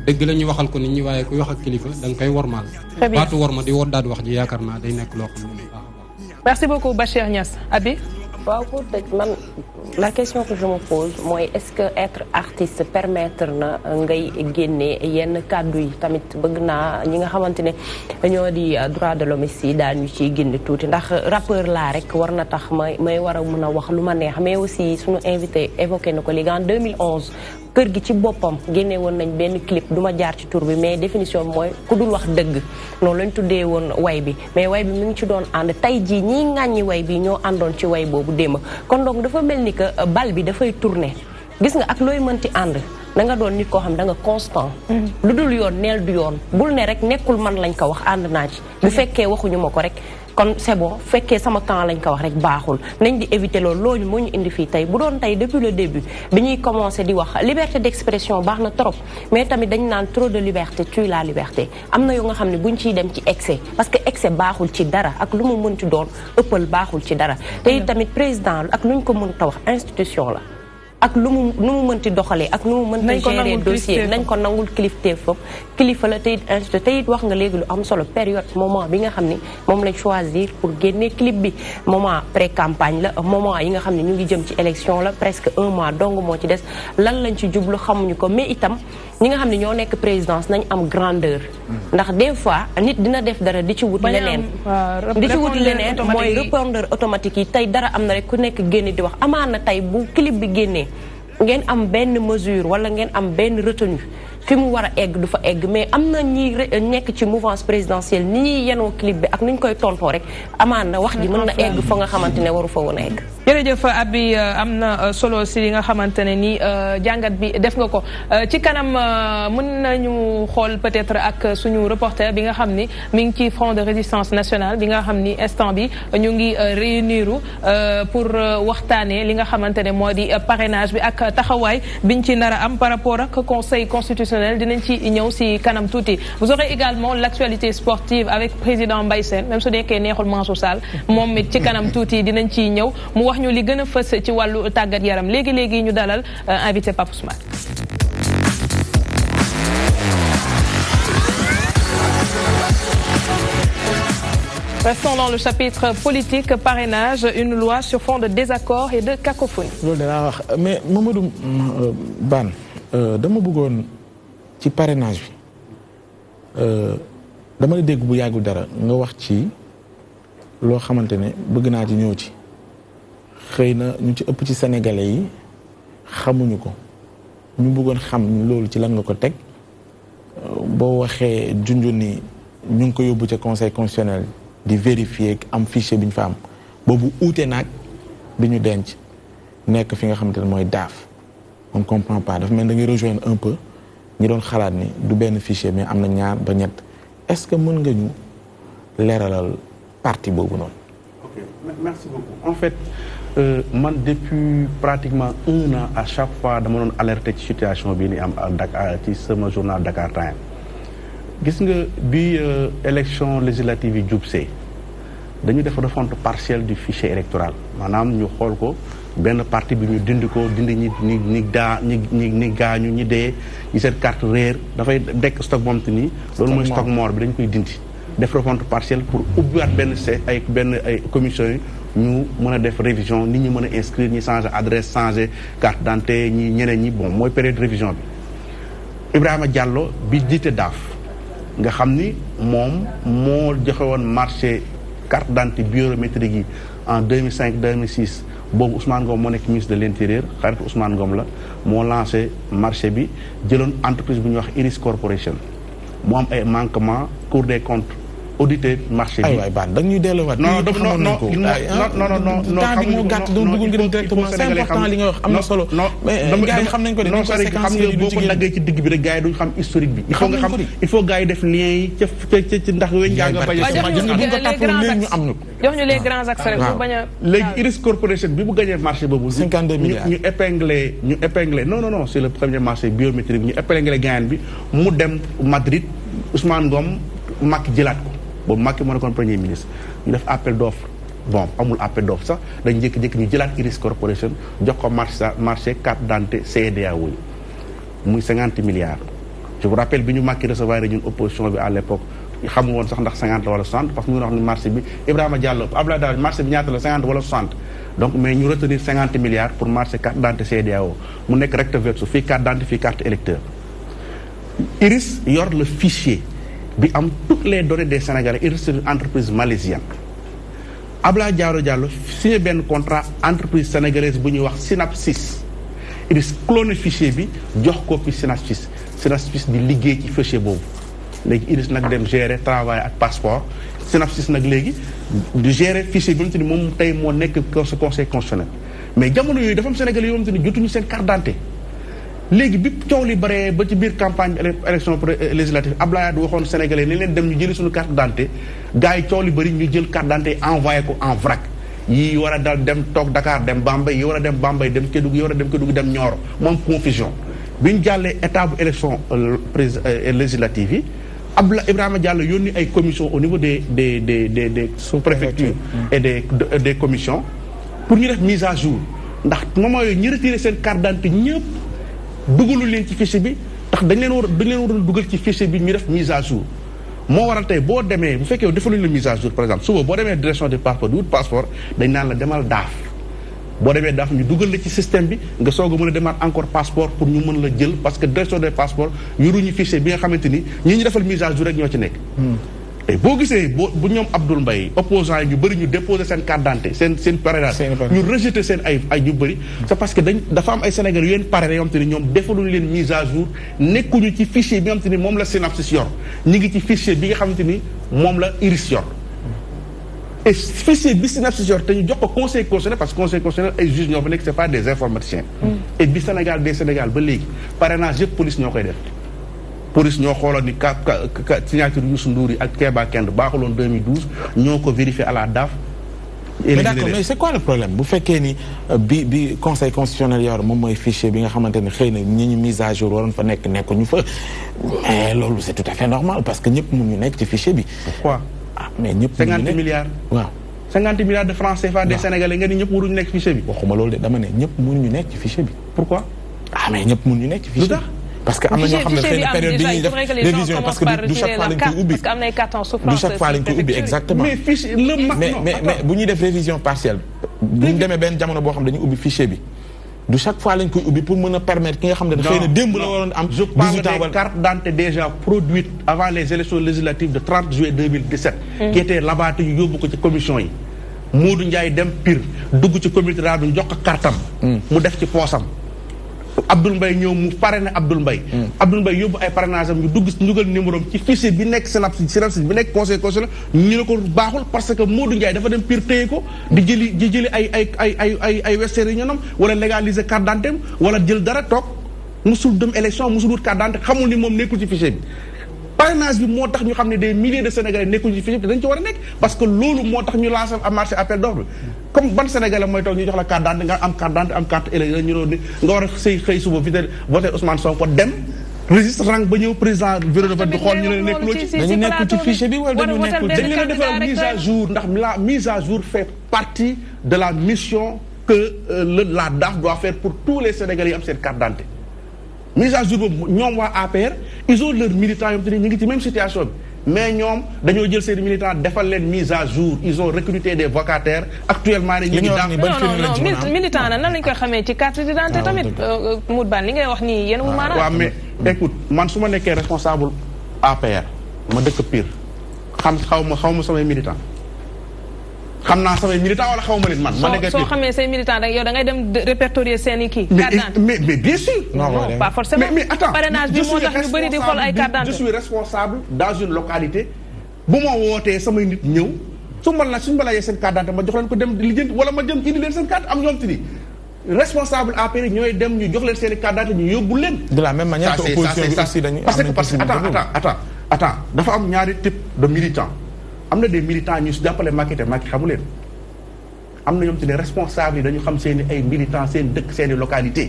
dëgg la ñu waxal ko nit ñi waaye ku wax ak kilifa da nga koy wormaal. baatu worma di wor daal wax ji yaakaar naa day nekk loo xam ne merci beaucoup Bachir Niass Abi. waaw pour tëj man la question que je me pose mooy est-ce que être artiste permettre na ngay génne yenn kàddu yi tamit bëgg naa ñi nga xamante ne ñoo di euh, droit de l'homme si daal ñu ciy génne tuuti ndax euh, rappeur laa rek war na tax may may war a mën a wax lu ma neex mais aussi suñu invité évoqué na ko léegi en 2011 kër gi ci boppam génne woon nañ benn clip du ma jaar ci tur bi mais définition bi mooy ku dul wax dëgg noonu lañ tuddee woon way bi mais way bi mi ngi ci doon ànd tey jii ñiy ŋàññi way bi ñoo àndoon ci way boobu démb kon donc dafa mel ni que euh, bal bi dafay tourner gis nga ak looy mënti ànd da nga doon nit koo xam da nga constant mhm. lu dul yoon neel du yoon bul ne rek nekkul man lañ ko wax ànd naa ci bu mhm. fekkee waxuñu ma ko rek kon c'est bon fekkee sama temps lañ ko wax rek baaxul nañ di éviter loolu loolu moo ñu indi fii tey bu doon tey depuis le début bi ñuy commencé di wax liberté d'expression baax na trop mais tamit dañ naan trop de liberté tue la liberté am na yoo nga xam ne buñ ciy dem ci excès parce que excès baaxul ci dara ak lu mu mënti doon ëppal baaxul ci dara tey tamit président ak luñ ko mënta wax institution la ak lu mu nu mu mënti doxalee ak nu mu mënti gérer dossier nañ ko nangul kilifteef foofu kilifa la tey it tey wax nga léegi lu am solo période moment bi nga xam ne moom la choisir pour génne clip bi moment pré campagne la moment yi nga xam ne ñu ngi jëm ci élection la presque un mois dong moo ci des lan lañ ci jublu xamuñu ko mais itam ñi nga xam ne ñoo nekk présidence nañ am grandeur. Mm. ndax des fois nit dina def dara di ci wut leneen. di ci wut leneen mooy répondeur automatique yi tey dara am na rek ku nekk génne di wax amaan na tey bu clip bi génnee ngeen am benn mesure wala ngeen am benn retenue fi mu war a egg du fa egg mais am na ñi nekk ci mouvance présidentielle ni ñuy yenoo clip bi ak ni ñu koy tontoo rek amaan na wax ji mën na egg fa nga xamante ne waru fa woon a egg. jërëjëf Aby euh, am na euh, solo si li nga xamante ne ni euh, jàngat bi def nga ko ci kanam mën nañu xool peut-être ak suñu reporter bi nga xam ni mi ngi ci front de résistance nationale bi nga xam ni instant bi ñu ngi réuniru pour waxtaanee li nga xamante ne moo di parrainage bi ak taxawaay biñ ci nar a am par rapport ak conseil constitutionnel professionnelle dinañ ci ñëw si kanam tuuti vous aurez également l'actualité sportive avec président Mbaye Sène même su nekkee neexul Mansour Sall moom it ci kanam tuuti dinañ ciy ñëw mu wax ñu li gën a un ci wàllu tàggat yaram léegi léegi ñu dalal euh, invité Pape Ousmane Restons dans le chapitre politique, parrainage, une loi sur fond de désaccord et de cacophonie. Mais Mamadou euh, Ban, euh, ci parrainage que euh, dama la dégg bu yàggul dara nga wax ci loo xamante que bëgg naa ci ñëw ci xëy ñu ci ëpp ci sénégalais yi xamuñu ko ñu bëggoon xam loolu ci lan nga ko euh, ñu ko conseil constitutionnel di vérifier am fichier bi ñu fa am boobu uute naag bi ñu denc nekk fi nga ne on comprend pas dafa mel da un peu ñi doon xalaat ni du benn fichier mais am na ñaar ba ñett est-ce que mën nga ñu leeralal parti boobu noonu. ok merci beaucoup en fait euh, man depuis pratiquement un an à chaque fois dama doon alerter ci situation bi ni am Dakar ci sama journal Dakar Time gis nga bi euh, élection législative yi jubsee dañu def refonte partielle du fichier électoral maanaam ñu xool ko. benn parti bi ñu dindi ko dindi ñi ñi ñi gaa ñi ñi ñi gaañu ñi dee ñi seen carte réer dafay dekk stock moom te nii loolu mooy stock mort bi dañu koy dindi def refonte partielle pour ubbiwaat benn se ay benn ay commission ñu mën a def révision nit ñi mën a inscrire ñi changer adresse changer carte d'identité ñi ñeneen ñi bon mooy période révision bi Ibrahima Diallo bi jiite daaf nga xam ni moom moo joxe woon marché carte d'identité biométrique yi en 2005 2006 boobu Ousmane Ngom moo nekk ministre de l'intérieur xaritu Ousmane Ngom la moo lancé marché bi jëloon entreprise bu ñuy wax Iris Corporation mu am ay manquement Cour des comptes auditer marché bi. aywaay baan da nga ñuy delloowaat. Ah, non non non non li nga wax am na solo. mais euh, gars yi xam nañ ko de xam nga boo ko daggee ci bi rek gars xam historique bi. il faut nga xam ndax weñ ngaa a. waaw jox ñu léegi ñu am ñu. jox ñu les grands axes rek pour bañ a. léegi Iris Corporation bi bu gagné marché boobu. 52 milliards ñu épinglé ñu épinglé non non non c'est le premier marché biométrique ñu épinglé gagnant bi mu dem Madrid Ousmane Ngom Macky jëlaat ko bon maki suis premier ministre ñu def appel d'offre bon amul appel d'offre ça. dañ jékki jékki ñu jëlaat iris corporation jox ko marché marché carte d'ante CDAO, wu muy 50 milliards je vous rappelle bi ñu reçu une ñun opposition bi à l'époque. Il y a sax ndax 50 wala 60 parce que ñu wax ni marché bi Ibrahima Diallo a marché bi ñaata la 50 wala 60 donc mais ñu retenir 50 milliards pour marcher carte d'ante CDAO mu nekk recte Il fii carte d'ante carte électeur iris a le fichier bi toutes les données des Sénégalais il reste une entreprise malaisienne Après si Diallo signé contrat entreprise sénégalaise bu ñuy wax Il est clone fichier bi jox ko fi Synapsys Synapsis di liggéey ci fichier Ils Légui il dem gérer travail ak passeport Synapsys nak légui di gérer fichier bi mu te mais jamono dafa Sénégalais carte léegi bi coow li bëree ba ci biir campagne élection euh, législative Abdoulaye Wade waxoon Sénégalais ni leen dem ñu jëli suñu carte d'identité gars yi coow li bëri ñu jël carte d'identité envoyé ko en vrac yi war a dal dem toog Dakar dem Bambey yi war a dem Bambey dem kédug yi war a dem kédug dem ñoor moom confusion bi ñu jàllee état bu élection euh, euh, législative yi Abdoulaye Ibrahima Diallo yónni ay commission au niveau des des des des des sous-préfectures hmm. et des des commissions pour ñu def mise à jour ndax moment ñu retiré seen carte d'identité ñëpp dugalu leen ci fichier bi tax dañ leen war dañ leen waroon dugal ci fichier bi ñu def mise à jour moo waral tey boo demee bu fekkee defaluñ la mise à jour par exemple suba boo demee direction du passeport du wut passeport dañ naan la demal daaf boo demee daaf ñu dugal la ci système bi nga soog a mën a demaat encore passeport pour ñu mën la jël parce que direction des passeports yoruñu fichier bi nga xamante ni ñii ñu defal mise à jour rek ñoo ci nekk hmm. et boo gisee boo bu ñoom abdul Mbaye opposant yi ñu bëri ñu déposé seen carte d'identité seen seen parrainage ñu rejeté seen ay ay ñu bëri hmm. c'est parce que dañ dafa am ay sénégal yu leen parrainé yoo xam te ni ñoom defaluñu leen mise à jour nekkuñu ci fichier bi nga xam ni moom la synapsis yor ñu ngi ci fichier bi nga xamante ni moom la iris yor et fichier bi synapsis yor te ñu jox ko conseil constitutionnel parce que conseil constitutionnel ay juges ñoo fa nekk c'est pas des informaticiens hmm. et bi Sénégal des Sénégal ba léegi parrainage yëpp police ñoo koy def police ñoo xooloon ni ka signature Youssou Ndour yi ak Keba Kend baaxuloon 2012 ñoo ko vérifié à la DAF. mais d'accord mais c'est quoi le problème bu fekkee ni euh, bi bi conseil constitutionnel yor moom mooy fichier bi nga xamante ne xëy na ñi ñu mise à jour waroon fa nekk nekkuñu fa mais loolu c'est tout à fait normal parce que ñëpp mënuñu nekk ci fichier bi. quoi ah, mais ñëpp. 50 milliards waaw. 50 milliards de francs CFA des Sénégalais nga ni ñëpp waruñu nekk ci fichier bi. waxuma loolu de dama ne ñëpp ñu nekk ci fichier bi. pourquoi. ah mais ñëpp ñu nekk ci fichier bi parce que amna na ñoo xam ne période bi ñuy def des révision parce que du chaque fois lañ koy ubbi du chaque fois lañ koy ubbi exactement mais mais mais bu ñuy def révision partielle bu ñu demee benn jamono boo xam ne dañuy ubbi fichier bi du chaque fois lañ koy ubbi pour mën permettre ki nga xam ne xëy na démb la waron am je parle des cartes d'identité déjà produites avant les élections législatives de 30 juillet 2017 mm. qui étaient labaatées yu yóbbu ko ci commission yi Moodu Ndiaye dem Pire dugg ci comité raadu jox ko kartam mm. mu def ci poosam Abdoul mbay ñëw mu pare parrainé Abdoul Mbaye hmm. Abdoul Mbaye yóbbu ay parrainage am ñu dugg ndugal numéro ci fichier bi nekk synapse synapse bi nekk conseil constitutionnel ñu ne ko baaxul parce que Modou Ndiaye dafa dem pire téye ko di jëli di jëli ay ay ay ay ay ay western yi ñoom wala légaliser carte d'identité wala jël dara toog musul dem élection musul wut carte d'identité xamul ni moom nekkul ci fichier bi parrainage bi moo tax ñu xam ne des milliers de sénégalais nekkuñu fi te dañ ci war a nekk parce que loolu moo tax ñu lancé am marché appel d'offre comme ban sénégalais mooy toog ñu jox la carte d'identité nga am carte d'identité am carte électorale ñu doon nga war a xëy xëy suba vite voté Ousmane Sonko dem registre rang ba ñëw président bureau de vote di xool ñu ne nekkuloo ci dañu nekkul ci fichier bi wala dañu nekkul dañ leen a defal mise à jour ndax la mise à jour fait partie de la mission que euh, la DAF doit faire pour tous les sénégalais yi am seen carte d'identité mise à jour boobu ñoom waa APR ils ont leurs militants yoo ñu ngi ci même situation bi mais ñoom dañoo jël seen militant defal leen mise à jour ils ont recruté des vacataires actuellement. ñu ngi daan non non militant na nan lañ koy xamee ci carte d'identité tamit. Modou Bane li ngay wax nii yéen wu maanaam. waaw mais écoute man su ma nekkee responsable APR ma dëkk Pire xam xaw ma xaw ma samay militants. militant mais bien sûr. mais attends je suis responsable dans une localité bu ma nit su la responsable dem ñu jox de la même manière que opposition parce que attends attends type de militants am na des militants ñu jàppale Macky te Macky xamu leen am na ñoom te ne responsable yi dañu xam seen ay militants seen dëkk seen localité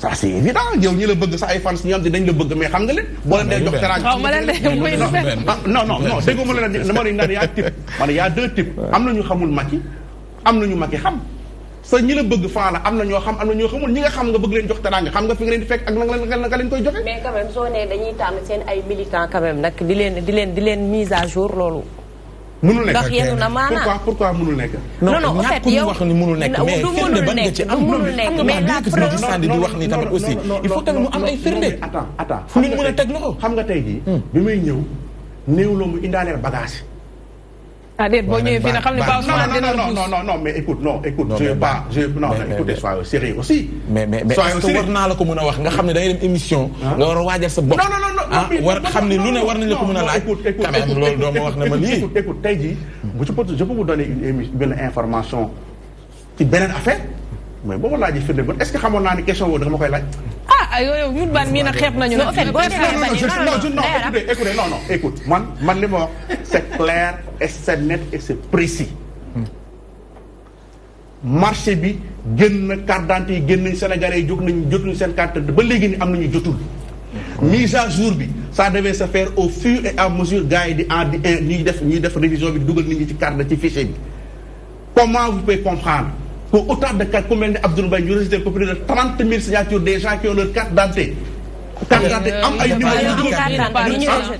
ça c' est évident yow ñi la bëgg sax ay fans ñi am te dañ la bëgg mais xam nga leen. boo leen dee jox teraanga non non non dégg nga ma la dama ne naan yaa type ma ne y' a deux types am na ñu xamul Macky am na ñu Macky xam. sa ñi la bëgg faana am na ñoo xam am na ñoo xamul ñi nga xam nga bëgg leen jox teraanga xam nga fi nga leen di fekk ak leen koy joxe. mais di leen di leen a maanaam pourquoi pourquoi mënul nekk. non non en fait yow wax ni mënul nekk mais firnde ban nga mu am ay firnde. attends a teg loxo. xam nga tey jii. Hmm. bi muy ñëw néew loo mu indaaleel bagage ah non boo ñëwee non non, non Ba non non non mais écoute non écoute. non je non aussi. mais mais mais non non non ah, ne je information ci non mais bon est-ce que vous ni question dama ah ah, non non écoutez écoutez non non écoute c'est clair c'est net et c'est précis. marché bi carte Sénégalais carte mise à jour ça devait se faire au fur et à mesure gars yi di en révision comment vous pouvez comprendre. pour autant de cas ku mel ni Abdoul Mbaye ñu rejeté ko plus trente mille signatures des gens qui ont leur carte d'identité carte euh, am ay numéro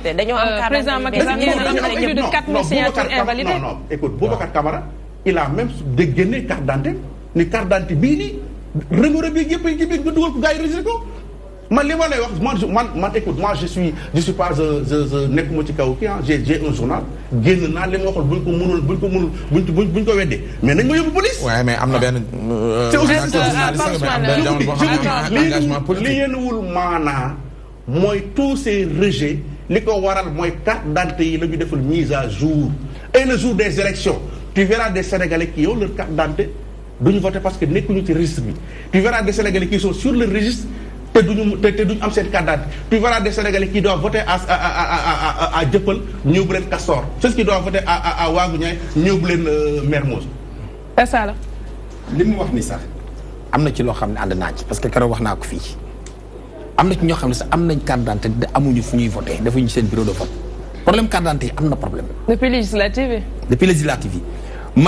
yu dañoo am président Macky Sall ñu de quatre mille signatures non non écoute Boubacar Camara il a même dégg génne carte d'identité ni carte d'identité bii nii remoré bi yëpp yi ko Moi you moi je suis je suis pas hein. j'ai un journal mais ah. euh, ces rejets mise à jour. et le jour des élections tu verras des Sénégalais qui ont leur carte d'identité ils voter parce que ci tu verras des Sénégalais qui sont sur le registre. te du ñu te duñu am seen carte d'identité tu verras des sénégalais qui doivent voter à à à à à Dieuppeul ñu yóbbu leen Castor ceux voter à à à Ouagou Niayes ñu yóbbu leen euh, Mermoz. Saala. li mu wax ni sax am na ci loo xam ne ànd naa ci parce que keroog wax naa ko fii am na ci ñoo xam ne sax am nañ carte d'identité amuñu fu ñuy voter defuñu seen bureau de vote problème carte d'identité am na problème. depuis législative yi. depuis législative yi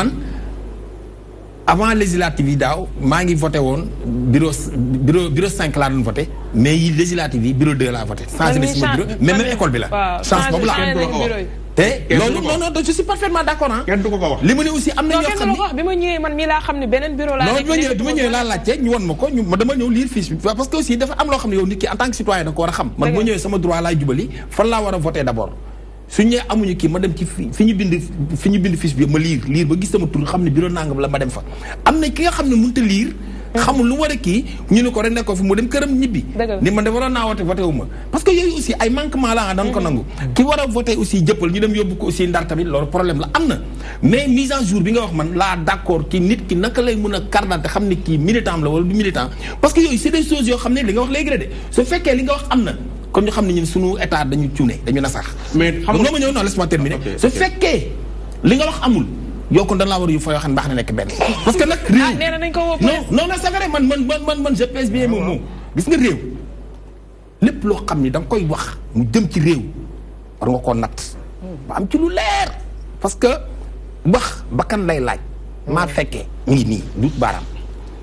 avant législative daw daaw maa ngi voté woon bureau bureau 5 la laa voté mais yi législative bureau 2 la voté sans na mais même école bi la sans bobu la te loolu non non je suis parfaitement d'accord hein kenn du ko wax li ma aussi amna ñoo xam ne wax ma ñëwee man mi la xamni benen beneen bureau la non bi ma ñëwee bi ma ñëwee ñu won mako ñu dama ñëw lire fiche bi parce que aussi dafa am lo xamni yow nit ki en tant que citoyen da ko wara xam man bu ñëwé sama droit laay jubali fan la wara voter d'abord su ñu amuñu kii ma dem ci fi ñu bind fi ñu bind fiche bi ma liir liir ba gis sama tur xam ne bureau nangam la ma dem fa ki nga a liir xamul lu war a kii ñu ko rek nekkoo fi mu dem këram ñibbi ni man de yooyu aussi ay manquement ah, mm-hmm. a voté aussi jëppal ñu dem yóbbu ko aussi ndar tamit loolu problème la am na mais mise en jour bi nga wax man laa d'accord ki nit ki naka lay mën a kardaate xam ne kii militant la wala du militant parce que yooyu c'est des choses yoo xam ne li nga wax léegi la de su fekkee li nga wax am na kon ñu xam ne ñun suñu état dañu cuune dañu nasax. mais xam nga ma ñëw non laisse-moi terminer. Ah, su fekkee li nga wax amul. yow kon dañ laa war a yu fa yoo xam ne baax na parce que nag ah, ko woo non man man man man je pèse bien mon ah, gis nga lépp loo xam ni da koy wax mu jëm ci réew war nga koo natt. ba am ci lu leer. parce que wax bakkan lay laaj. Hmm. maa fekkee. mu ngi nii du baaraam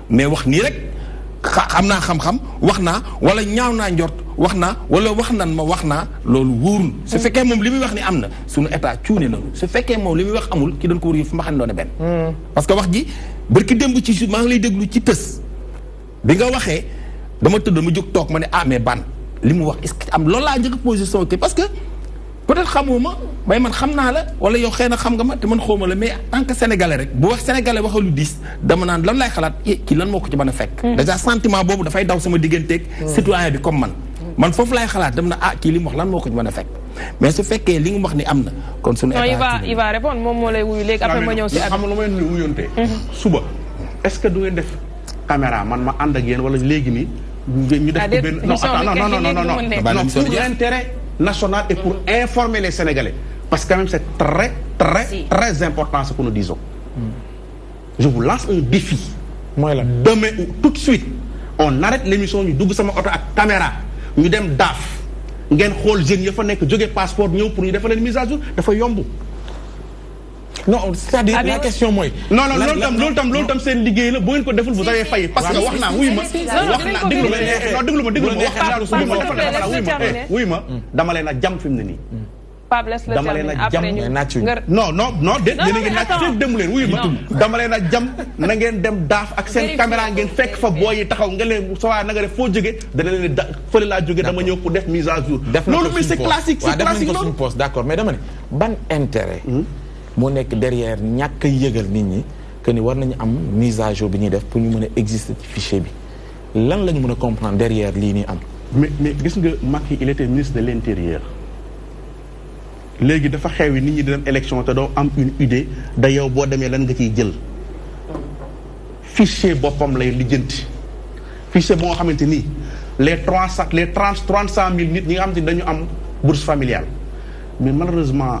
mais wax nii rek. xam naa xam-xam wax naa wala ñaaw naa njort wax naa wala wax nan ma wax naa loolu wóorul su mm. fekkee moom li muy wax ni am na su suñu état cuune na su fekkee moom li muy wax amul ki doon ko wóor yi fu ma xam ne doone benn mm. parce que wax ji bërki démb ci su maa ngi lay déglu ci tës bi nga waxee dama tëdd ma jóg toog ma ne ah mais ban li mu wax est-ce que am loolu laa njëkk position parce que peut-être xamoo ma waaye man xam naa la wala yow xëy xam nga ma te man xawma la mais en tant que sénégalais rek bu wax sénégalais waxee lu diis dama naan lan laay xalaat eh, kii lan moo ko a fekk. Hmm. Hmm. man. na ah kii li mu wax lan moo ko ci mën a fekk mais su fekkee li nga wax ni am na kon suñu état. non ma ma leen di wuyontee. Mhm. suba est-ce que du ngeen def caméra man nationale et pour informer les Sénégalais. Parce que c'est très, très, très important ce que nous disons. Je vous lance un défi. Demain ou tout de suite, on arrête l'émission du Dougou Sama Auto à caméra. Nous sommes DAF. Nous avons un passeport pour nous faire une mise à jour. un no cest à mooy. non non loolu tam loolu tam loolu tam seen liggéey la boo ngeen ko deful vous allez fay parce que wax naa wuy ma. wax naa déglu ma non ma déglu ma wax ma dafa dafa wuy eh, jam fi mu ne nii. dama leen a jam non a ngi naaj fépp demu leen wuyu ma dama leen a jam na ngeen dem daaf ak seen caméra ngeen fekk fa booy yi taxaw nga leen sawaa na nga def foo jóge da fële laa jóge dama ñëw pour def mise à jour loolu mais c'est classique mais dama ne ban intérêt hmm? moo nekk derrière ñàkk a yëgal nit ñi que ni war nañu am mise à jour bi ñuy def pour ñu mën a exister ci fichier bi lan la ñu mën a comprendre derrière lii nii am. mais gis nga Macky il de l' intérieur léegi dafa xewi nit ñi di dem élection te doo am une idée da yow boo demee lan nga ciy jël fichier boppam lay lijjanti fichier boo xamante ni les trois cent les trente trois cent mille nit ñi nga xam ni dañu am bourse familiale mais malheureusement.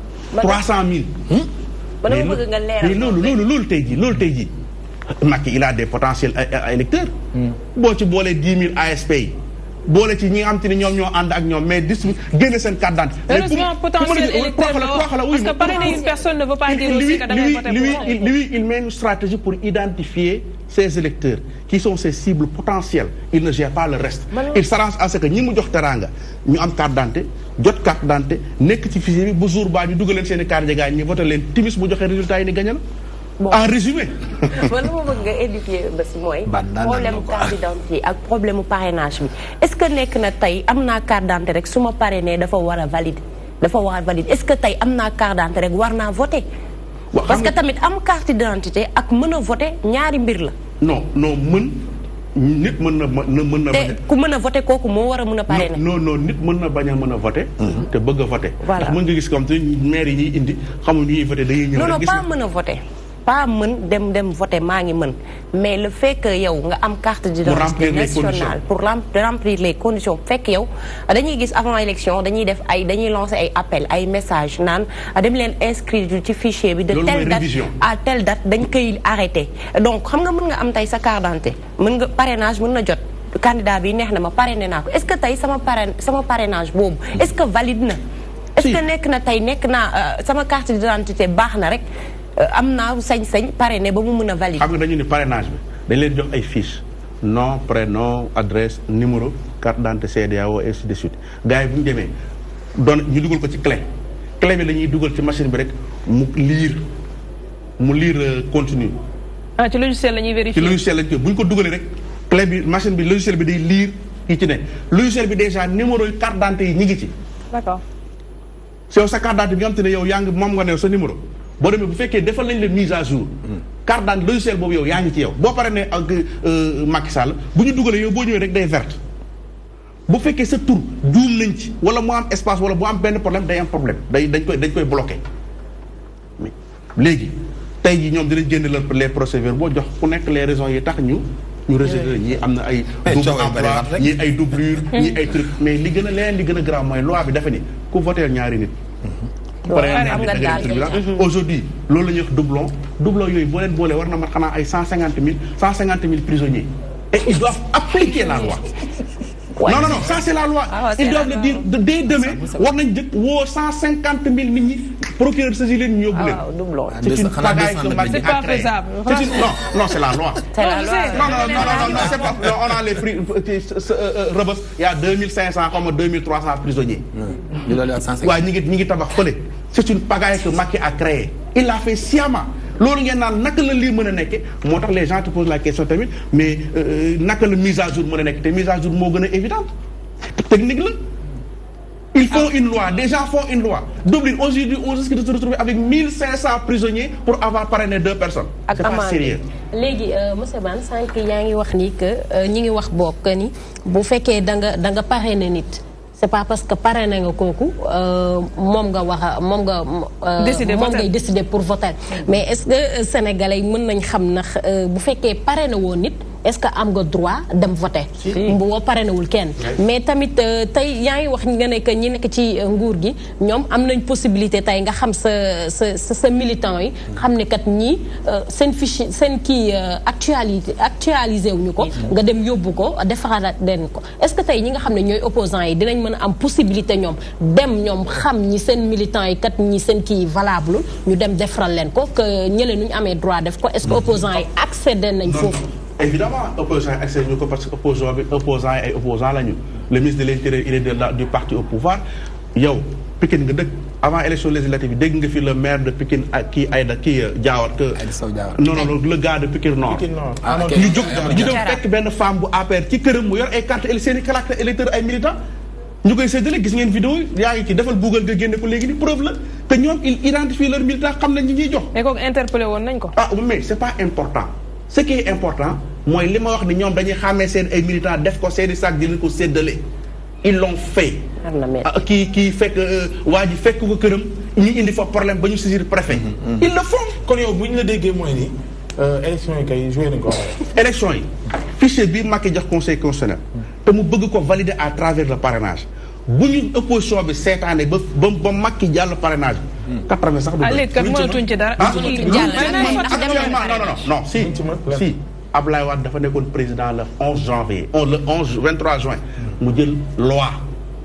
300 000. Hmm? mais il a des potentiels électeurs. 10 hmm. 000 mais parce que par une personne ne veut pas lui lui il met une stratégie pour identifier ses électeurs qui sont ses cibles potentielles il ne gère pas le reste. il s'arrange à ce que ñi mu jox am jot carte d'identité nekk ci fichier bi ba jour baa ñu dugaleen seen i carte gaañ ñi voté leen timis bu joxe résultat yi ni gañe na en résumé. man ma bëgg nga éduquer bés mooy. problème carte d'identité ak problème mu parrainage bi. est-ce que nekk na tey am na carte d'identité rek su ma parrainé dafa war a valider dafa war a valider est-ce que tey am naa carte d'identité rek war naa voter. parce que tamit am carte d'identité ak mën a voter ñaari mbir la. nit mën na mën na. te ku mën a voté kooku moo war a mën a parrainé. non non nit mën na bañ a mën a voté. Mhm. te bëgg a voté. ndax mën nga gis comme te yi ñuy indi xamul ñuy voté dañuy ñëw rek gis mën a voté. pas mën dem dem voté maa ngi mën mais le fait que yow nga am carte d'identité nationale pour remplir les conditions fekk yow dañuy gis avant élection dañuy def ay dañuy lancer ay appel ay message naan dem leen inscrire ci fichier bi de telle date à telle date dañ koy arrêté donc xam nga mën nga am tey sa carte d'identité mën nga parrainage mën na jot candidat bi neex na ma parrainé naa ko est-ce que tey sama parrain sama parrainage boobu est-ce que valide na est-ce que nekk na tey nekk naa euh, sama carte d'identité baax na rek Euh, am naa sañ-sañ parrainé ba mu mën a valider. xam nga dañu ne parrainage bi dañ leen jox ay fiches nom prénom adresse numéro carte d'identité CEDEAO et ainsi de suite gars yi bu ñu demee doon ñu dugal ko ci clé clé bi la ñuy dugal ci machine bi rek mu liir mu liir euh, continue ah ci logiciel la ñuy vérifier ci logiciel la bu ñu ko dugalee rek clé bi machine bi logiciel bi day liir yi ci ne logiciel bi déjà numéro yi carte d'identité yi ñi ngi ci. d'accord. soo sa carte d'identité bi nga xam te ne yow yaa ngi moom sa numéro. Bon, mais vous faites que nañ les mise à jour. dans hmm. le logiciel bobio vous il y ci yow boo paree ne euh, Macky Sall vous ñu vous yow boo Vous rek day verte bu Vous nañ espace Voilà, y am un problème un problème day dañ bloqué. les procédures boo jox ku les raisons yi tax ñu. ñu rejeté ñi ay. Eh, ay doublure mais li vous a li vous a loi bi dafa ni Mhm. Aujourd'hui, l'oligarche double, doublon il y les a 150 000, prisonniers et prisonniers. Ils doivent appliquer la loi. Non, non, non, ça c'est la loi. Ah, ils doivent dire dès demain. On a dit, 150 000 minutes pour que les ressortis multiplient. Non, non, c'est la loi. Non, non, non, non, non, non, c'est pas. On a les prix euh, euh, euh, Il y a 2500 comme 2300 prisonniers. On est niqué, 150 000 c'est une pagaille que Macky a créée. Il l'a fait sciemment. loolu ngeen a les gens te posent la question tamit mais euh, naka la mise à jour mën a te mise à jour évidente technique là. ils font une loi des gens font une loi Dublin aujourd'hui on se retrouve avec 1500 prisonniers pour avoir parrainé deux personnes c'est pas sérieux léegi euh, monsieur Ban, sank yaangi wax ni que euh, ñi ngi wax boog ni bu féké da nga da nga parrainer nit c'est pas parce que pare parrainé nga kooku euh, moom nga wax moom nga. Euh, décider moom ngay décider pour voter mais est-ce que euh, sénégalais yi mën nañ xam ndax bu fekkee na woon nit. est-ce que am nga droit dem voter boo parewul kenn mais tamit euh, tay yaa ngi wax nga ne que ñi nekk ci euh, nguur gi ñoom am nañ possibilité tay nga xam sa sa sa militant yi xam ne kat ñii euh, seen fiche seen kii actualité actualisé wuñu ko nga dem yóbbu ko defaraat den ko est-ce que tay ñi nga xam ne ñooy opposants yi dinañ mën a am possibilité ñoom dem ñoom xam ñi seen militant yi kat ñi seen kii valable ñu dem defral leen ko que ñële nuñ ñu amee droit def ko est-ce que opposants yi accéder nañ foofu Évidemment, opposant, ñu ko parce que opposant bi opposants ay opposants lañu le ministre de l'intérieur il est de la du parti au pouvoir yow Pikine nga dëkk avant élection législative dégg nga fi le maire de Pikine ak ah, kii Aïda kii euh, Diawar que non non le gars de Pikine Nord Nord. Ah, ah, jóg ñu dem fekk benn femme bu APR ci këram mu yor ay carte éli seen i caractère électeur ay militants ñu koy séddale gis ngeen vidéo yaa ngi ci defal Google nga génne ko léegi ni preuve la te ñoom il identifie leur militants xam nañ ñi jox mais kooku interpellé woon nañ ko ah mais c'est pas important ce qui est important mooy li ma wax ni ñoom dañuy xàmmee seen ay militants def ko seeni sac des ko l'État. ils l'ont fait ah, kii kii fekk euh, ko Ils indi fa problème saisir préfet mm-hmm, mm-hmm. ils le font la ni euh, élection yi kay élection yi jox conseil mm-hmm. à travers le parrainage opposition bi seetaane ba ba le parrainage mm. quatre sax du Ablaye Wade dafa nekkoon président le 11 janvier euh, le 11 23 juin mu jël loi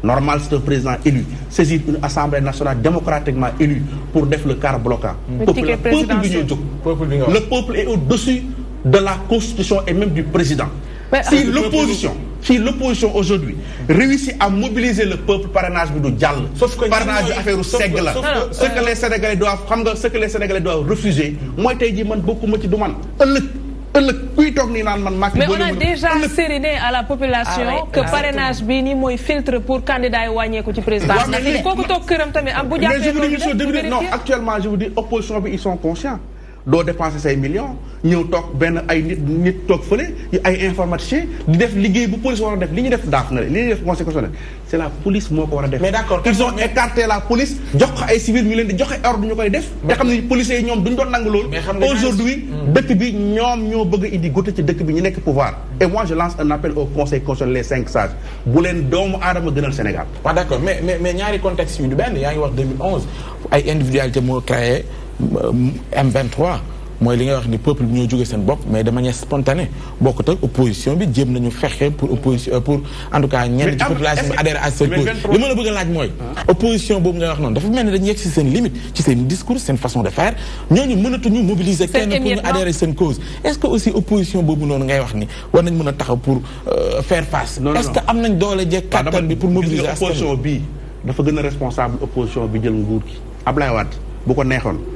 normal c'est un président élu saisit une assemblée nationale démocratiquement élue pour défendre le car bloquant le peuple est au-dessus de la constitution et même du président si euh, l'opposition si l'opposition aujourd'hui réussit à mobiliser le peuple par un du de parrainage affaire âge ce que euh, les sénégalais ce que les sénégalais doivent refuser moi, tay ji man je ci mais on a déjà séréné à la population. Ah que parrainage Bini filtre pour candidat yi ko ci présidence. Ah, mais je vous dis non actuellement je vous dis opposition ils sont conscients do dépenser ces millions ñeu tok ben ay nit nit tok feulé ay informaticien di def liggéey bu police wara def li ñu def daaf na li def conseil constitutionnel c'est la police moko wara def. mais d' ils ont écarté la police jox ko ay civil ñu leen di joxe ordre ñu koy def. te xamni ne policiers yi ñoom duñ doon nang lool aujourd'hui dëkk bi ñom ñoo bëgg indi gote ci dëkk bi ñu nekk pouvoir. et moi je lance un appel au conseil constitutionnel les cinq sages bu leen doomu aadama gënal Sénégal. pas ah, d'accord mais mais mais ñaari contexte yu du ben yaa ngi wax 2011 ay individualité mo créé. Euh, M23 moy li nga wax ni peuple bi ñoo jógee seen mais de manière spontanée bokku ak opposition bi jëm nañu fexé pour opposition euh, pour en tout cas ñenn ci population bi à cette cause li ma la bëgg laaj mooy ah. opposition bobu nga wax non, dafa melni ne dañu yegg sen limite ci sen discours sen façon de faire ñooñu mënatuñu mobiliser kenn pour ñu adhéré seen cause est ce que aussi opposition bobu non ngay wax ni war nañ mëna taxaw pour euh, faire face est ce que am nañ doole jeeg bah, bi pour mobiliser opposition bi dafa gëna responsable opposition bi jël nguur ki Ablaye wat bu ko neexoon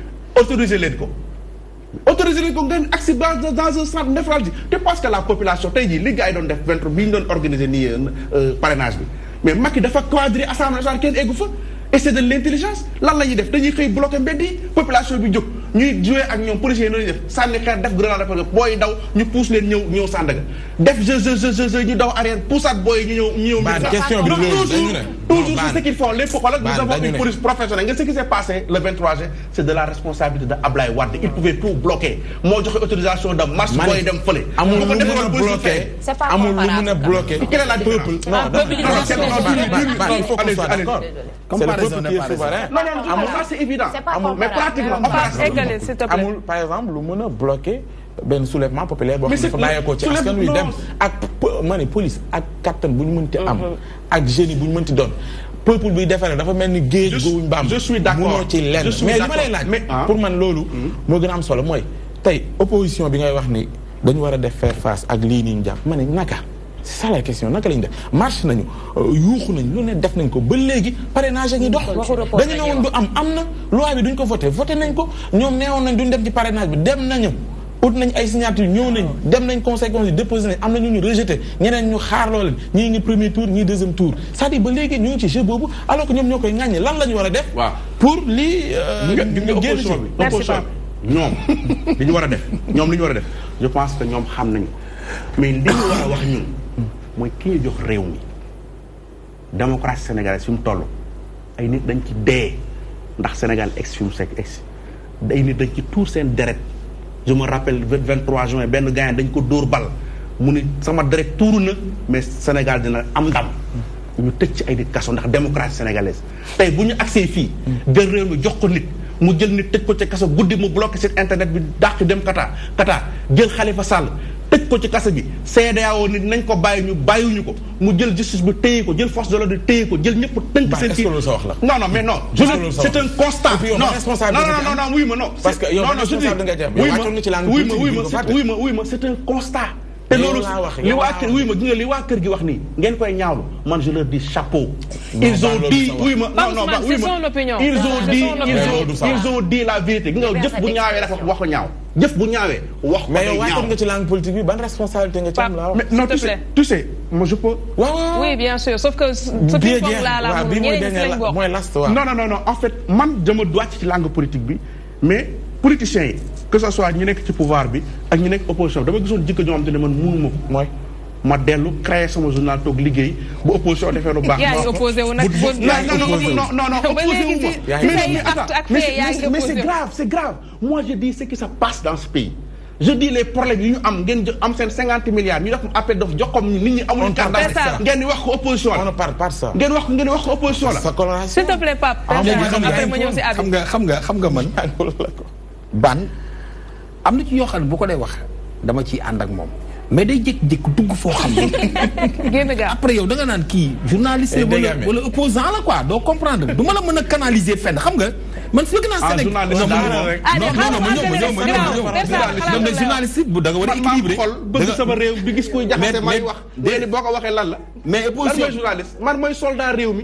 autoriser les ko autoriser dans dans un centre névralgique parce que la population tay des li euh, euh, parrainage mais Macky dafa quadri assemblée à et c'est de l'intelligence lan la def dañuy population bi Nous ñuy jouer ak ñom policier ñu def ñu pousse les ñew ñew Sandaga def je je je je daw toujours ce qu'il faut les pourquoi nous avons une police professionnelle ce qui s'est passé le 23 juin c'est de la responsabilité de Ablaye il pouvait tout bloquer autorisation de marche c'est par exemple soulèvement populaire ma ne police ak kattan bu ñu mënti am. Mhm. ak jeunes yi bu ñu mënti doon. peuple bi defaree dafa mel ni géej guwuñ baam je suis d'accord munoo ci lenn mais li ma lay laaj ah. pour man loolu mhm. moo gën a am solo mooy tey opposition bi ngay wax ni dañu war a def faire face ak lii nii ñu jàpp ma ne naka sale ça la question naka lañu def marche nañu euh, yuuxu nañ lu ne def nañ ko ba léegi parrainage a dox dañu ne woon du am am na loi bi duñ ko voté voté nañ ko ñoom neewoon nañ duñ dem ci parrainage bi dem nañu out nañ ay signature ñëw nañ ah. dem nañ conséquences yi déposé nañ am na ñu ñu rejeté ñeneen ñu xaar leen ñii ngi premier tour ñii deuxième tour c'est-à-dire ba léegi ñu ngi ci jeu boobu alors que ñoom ñoo koy ŋàññi lan la ñu war a def pour li. ñu euh, génn opposition bi ñoom li ñu war a def ñoom li ñu war a def je pense que ñoom xam nañ mais li ñu war a wax ñun mooy ki ñu jox réew mi démocratie sénégalaise fi mu toll ay nit dañ ci dee ndax Sénégal ex fi mu sekk ex day nit dañ ci tuur seen deret je me rappelle le 23 juin ben gars dañ ko d'orbal. bal mu ni sama direct mais Sénégal dina am ndam. ñu tecc ay kaso ndax démocratie sénégalaise tay buñu accès réew jox ko nit. mu jël nit tecc ko de kasso guddi mu internet bi dem Kata, kata, jël Khalifa tëj ko ci kase bi CEDEAO nit nañ ko bàyyi ñu bàyyiwuñu ko mu jël justice bi téye ko jël force de l'ordre téye ko jël ñëpp tënk seen kii non non mais non c'est un constat non non non wuy ma non non wuy ma wuy ma wuy ma c'est un Et loolu li waa kër oui ma gi nga li waa kër gi wax ni ngeen koy ñaawlu man je leur dis chapeau ils ont dit oui ma non non oui ma ils ont dit ils ont ils ont dit la vérité gi nga jëf bu ñaawee rek wax ko ñaaw jëf bu ñaawee wax ko ñaaw mais waaye nga ci langue politique bi ban responsabilité nga ci am la non tu sais tu sais moi je peux waaw oui bien sûr sauf que ce bi mooy dernier mooy last waaw non non non en fait man dama doit ci langue politique bi mais politiciens que ce soit ñu ci pouvoir bi ak opposition dama gisoon jikko ñoo xam ne man ko mooy ma dellu créer journal opposition non non non c'est grave c'est grave moi je dis ce qui se passe dans ce pays. je dis les problèmes ñu am milliards ñu def appel ñi amul carte opposition ça. opposition s'il te plaît Papa, ah, xam ban am na ci yoo xam ne bu ko dee wax dama ci ànd ak moom mais day jékki-jékki dugg foo xam ne. après yow da nga naan kii journaliste eh, wala wala opposant la quoi doo comprendre du ma la mën a canaliser fenn xam nga. man fekk naa Sénégal ah journaliste bu da nga war a équilibré xol bëgg sama réew bi gis kuy jaxase may wax. déedéet boo ko waxee lan la. mais opposition lan mooy man mooy soldat réew mi.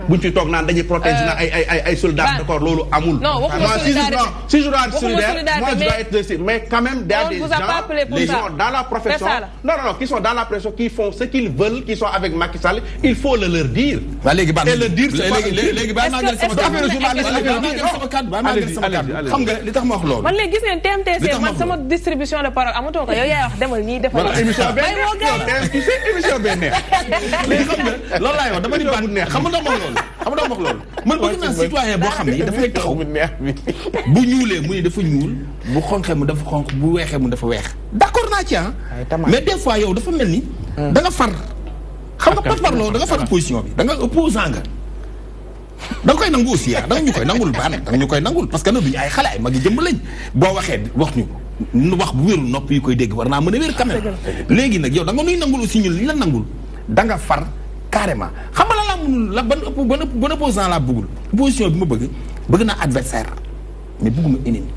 buñ ci toog naan dañuy protéger euh, na ay ay ay ay soldats de corps loolu amul. non waxuma solidarité moi si je dois si je être mais quand même il des gens les gens dans la profession non non non qui sont dans la profession qui font ce qu'ils veulent qui sont avec Macky Sall il faut le leur dire. waaw bah, léegi baax na léegi baax na léegi xam nga li tax ma wax loolu. man léegi gis ngeen TMTC man sama distribution de parole amatoo ko yow yaay wax demal nii defal. émission bee neex émission bee neex léegi xam nga loolu laay wax dama di baax neex xam nga loolu. xam nga loolu. man bëgg naa boo xam ne dafay taxaw bu ñuulee mu ne dafa ñuul. bu xonqee mu dafa xonq bu weexee mu dafa weex. d'accord naa ci ah. mais des fois yow dafa mel ni. da nga far. xam nga par loolu da nga far opposition bi da nga opposant nga. da nga koy nangu aussi ah da nga ñu koy nangul baax na da nga ñu koy nangul parce que nag duñu ay xale ay mag yi jëmb lañ boo waxee wax ñu. nu wax bu wérul nopp yi koy dégg war naa mën a wér quand même léegi nag yow da nga nuy nangul aussi ñun li la nangul da nga far carrément xam nga la laa la ban ban ban opposant laa bëggul opposition bi ma bëgg bëgg na adversaire mais bëgguma ennemi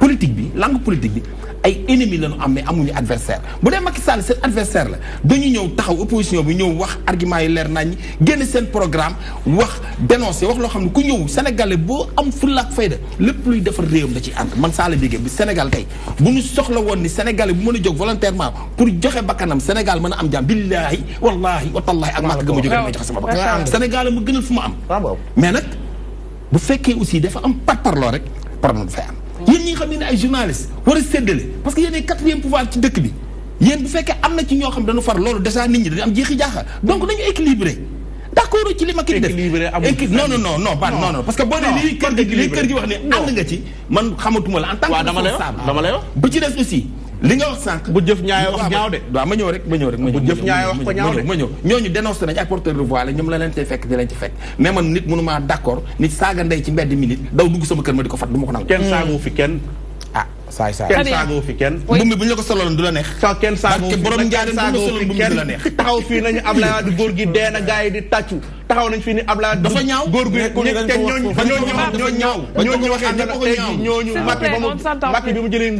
politique bi lang politique bi ay ennemis la ñu am mais amuñu adversaire bu dee Macky Sall seen adversaire la dañu ñëw taxaw opposition bu ñëw wax argument yi leer nañ génn seen programme wax dénoncé wax loo xam ne ku ñëw sénégalais boo am fulla ak fayda lépp luy defar réewam da ci ànd man Sall bi bi Sénégal tey bu ñu soxla woon ni sénégalais bu mën a jóg volontairement pour joxe bakkanam Sénégal mën am jàmm billaahi wallaahi watallaahi ak màkk ga ma jóge may joxe sama bakkan Sénégal ma gënal fu ma am mais bu fekkee aussi dafa am par parloo rek problème dafay am yéen ñi xam ne ay journaliste war a séddale parce que yéen quatrième pouvoir ci dëkk bi yéen bu fekkee am na ci ñoo xam dañu far loolu a nit ñi dañu am jeexi jaaxa donc nañu équilibré d'accord ci li ma kii def équilibré amul non non non non non non parce que boo nee lii kër gi lii kër gi wax ne ànd nga ci man xamatuma la en tant que responsable dama lay wax ba ci des aussi li nga wax sànq bu jëf ñaay wax ñaaw de waaw ma ñëw rek ma ñëw rek bu jëf ñaay wax ko ñaaw ma ñëw ñooñu dénoncé nañ ak porteur de la ñoom la leen tey fekk di leen ci fekk mais nit mënumaa d'accord nit saaga ndey ci mbedd mi nit daw dugg sama kër ma di ko fat du ma ko nangu kenn saagoo fi kenn saay saay kenn saagoo fi kenn mbubb bu ñu la ko soloon du la neex kenn saagoo fi borom njaareen saagoo fi kenn taxaw fii nañu góor gi dee na di tàccu taxaw nañ fii ni Ablaye Wade dafa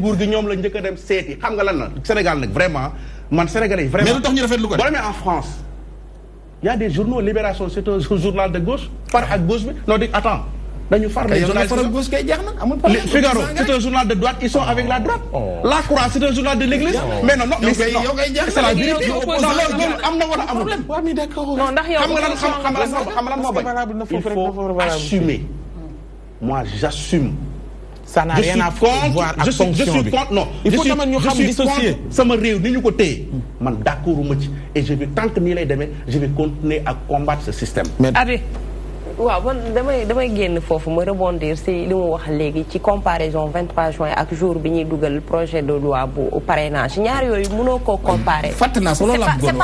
góor gi ñoom la njëkk a dem seeti xam nga lan la Sénégal nag vraiment man Sénégalais vraiment mais lu tax ñu rafetlu ko boo demee en France y a journaux Libération c'est journal de gauche par ak gauche bi non di attends un journal de droite ils sont avec la droite oh. La Croix c'est un journal de l'église oh. mais non non c'est la il faut assumer hmm. moi j'assume ça n'a rien à voir non il faut et je vais continuer à combattre ce système waaw man damay damay génn foofu ma rebondir si li mu wax léegi ci comparaison 23 juin ak jour bi ñuy dugal projet de loi bu parrainage ñaar yooyu mënoo koo comparer. fàtte naa ko loolu laa bëggoon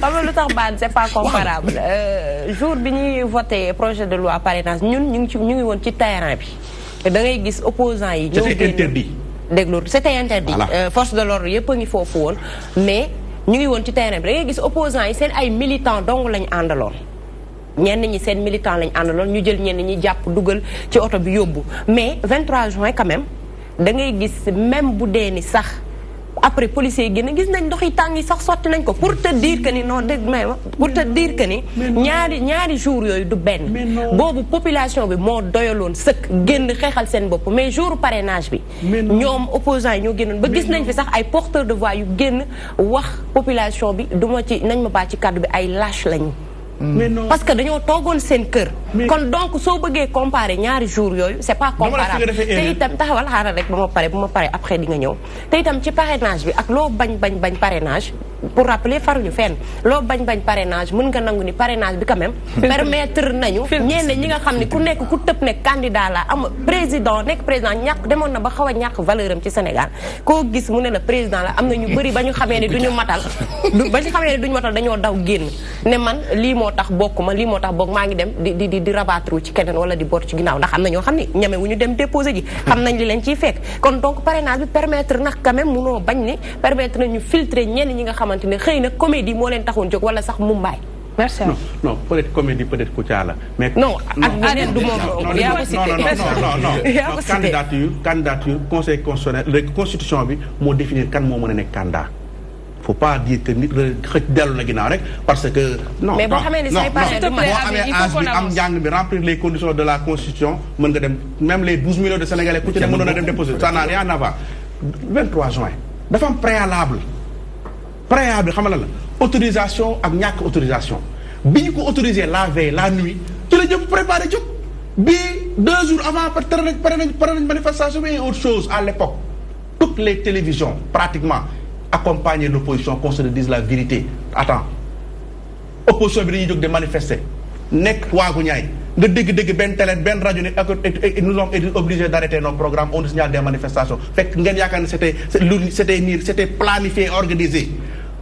wax c'est pas comparable xam nga lu tax baan c'est pas comparable euh, jour bi ñuy voté projet de loi parrainage ñun ñu ngi ci ñu ngi woon ci terrain bi da ngay gis opposants yi. ñoo génn interdit. déglu c'était interdit. Euh, force de l'ordre yëpp a ngi foofu woon mais. ñu ngi woon ci terrain bi da ngay gis opposants yi seen ay militants dong lañ àndaloon. ñenn ñi seen militant lañ àndaloon ñu jël ñenn ñi jàpp dugal ci oto bi yóbbu mais 23 juin quand même da ngay gis même bu dee ni sax après policiers yi génn gis nañ ndox yi tàng yi sax sotti nañ ko pour te dire que ni non dégg may wax pour te dire ni ñaari ñaari jour yooyu du benn boobu population bi moo doyaloon sëkk génn xeexal seen bopp mais jour parrainage bi ñoom opposants yi ñoo génnoon ba gis nañ fi sax ay porteurs de voix yu génn wax population bi duma ci nañ ma baa ci kàddu bi ay lâche lañu Mm. parce que dañoo toogoon seen kër. kon donc soo bëggee comparer ñaari jours yooyu c'est pas comparable te itam taxawal xaaral rek ba ma pare ba ma pare après di ñëw te itam ci parrainage bi ak loo bañ bañ bañ parrainage pour rappeler faruñu fenn loo bañ bañ parrainage mën nga nangu ni parrainage bi quand même nañu ñenn ñi nga xam ne ku nekk ku tëb nekk candidat la am président nekk président ñàkk demoon na ba xaw a ñàkk valeur am ci Sénégal koo gis mu ne na président la am na ñu bari ba ñu xamee ne duñu matal ba ñu xamee ne duñu matal dañoo daw génn ne man lii moo tax bokkuma lii moo tax bokk maa ngi dem di di di rabattre ci keneen wala di bor ci ginnaaw ndax am na ñoo xam ne ñame wu ñu dem déposé ji hmm. xam nañ li leen ciy fekk kon donc parrainage bi ñi nga xam xamante ne xëy na comédie moo leen taxoon jóg wala sax mu mbaay. merci non non peut-être comédie peut-être Kouthia la mais. non ak beneen du moom yaa ko cité non non non non non candidature candidature conseil constitutionnel la constitution bi moo définir kan moo mën a nekk candidat. faut pas dire que nit xëcc dellu na ginnaaw rek parce que. non mais boo xamee ne say parrain du ma amee âge bi am njàng bi remplir les conditions de la constitution mën nga dem même les douze millions de sénégalais ku ci ne mënoon a dem déposer ça n'a rien à voir 23 juin dafa am préalable préalable autorisation ak ñàkk autorisation bi ñu ko autorisé la veille la nuit tous les jours préparé jóg bi deux jours avant par tere nañ pare nañ pare nañ manifestation mais autre chose à l'époque toutes les télévisions pratiquement accompagnaient l'opposition qu'on se dise la vérité attends opposition bi dañuy jóg de manifester nekk waagu ñaay nga dégg-dégg benn télé benn rajo ne nous avons été obligés d'arrêter nos programmes on signal des manifestations fekk ngeen c'était c'était planifié organisé